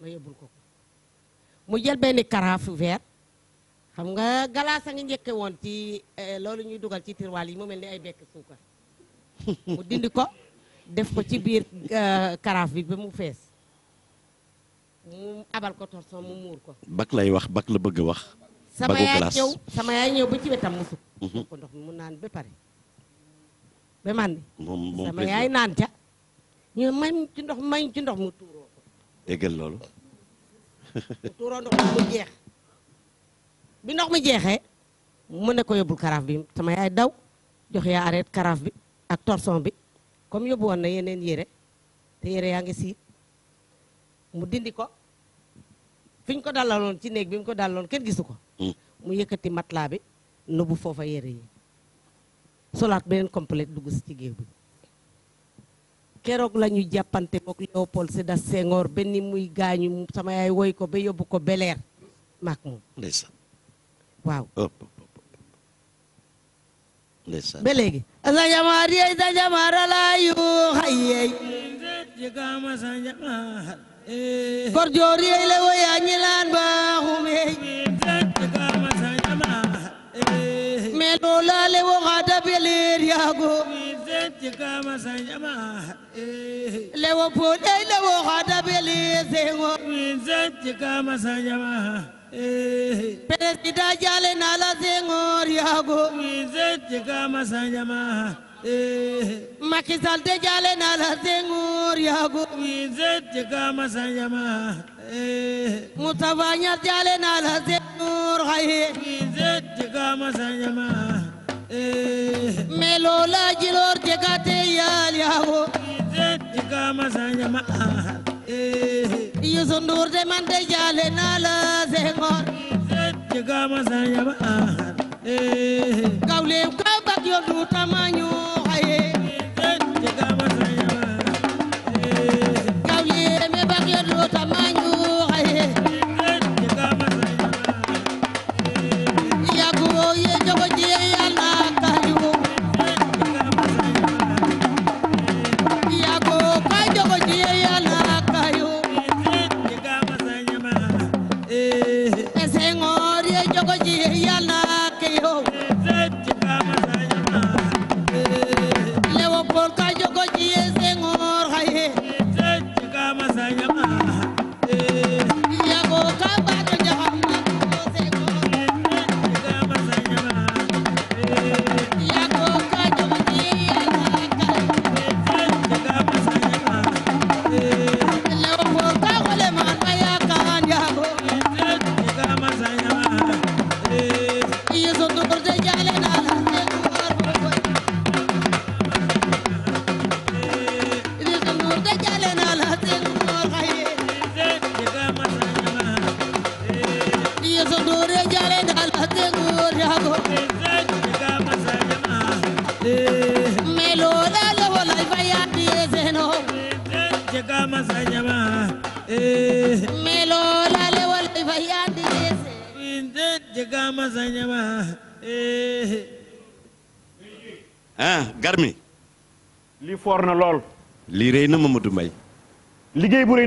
ma yóbbul ko ko mu jël benn carafe vert xam nga galaas a ngi njëkke woon ci euh, loolu ñuy dugal ci tirwaal yi mu mel ni ay bekk suukar mu dindi ko def ko ci biir karaaf euh, bi ba mu fees mu abal ko torson mu muur ko bak lay wax bak la bëgg wax sama yaay ñëw sama yaay ñëw ba ci wetam mhm. mu sukk ndox mi mu naan ba pare ba man sama yaay naan ca ñu may ci ndox may ci ndox mu tuuroo ko déggal loolu mu ndox mu jeex bi ndox mi jeexee mu ne yóbbul karaaf bi sama yaay daw jox yaa arrêté karaaf bi ak torson bi comme yóbbu woon na yeneen yére te yére yaa ngi siit mu dindi ko fi ñu ko dalaloon ci néeg bi mu ko dalaloon kenn gisu ko hmm. mu yëkkati matelas bi nëbbu foofa yére yi solaat beneen complète dugg si ci géew bi keroog la ñu jàppante mook Léopold Sédar Senghor benn muy gaañu sama yaay woy ko ba yóbbu ko beleer maak moom waaw ba léegi asanjamaar yey sanjamaar alaayu xay kor joor yey la woyaa ñilaan baaxum منو لالي وغادب يلير ياغو لو بودي لو غادب يلير زيغو Presida jale nala zengor yago Mizeti kama sanjama Makisalte jale nala zengor yago kama sanyama eh. melo la jilor jekate yal yawo eh. man de jaale naa la Senghor ite kama eh. bak yo du tamañu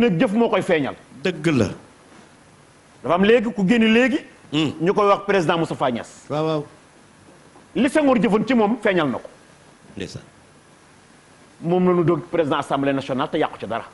nag jëf moo koy feeñal. dëgg la. dafa am léegi ku génn léegi. Hmm. ñu koy wax président Moustapha Niass. waaw waaw. li Senghor jëfoon ci moom feeñal na ko. ndeysaan. moom la ñu doog président assemblée nationale te yàqu ci dara.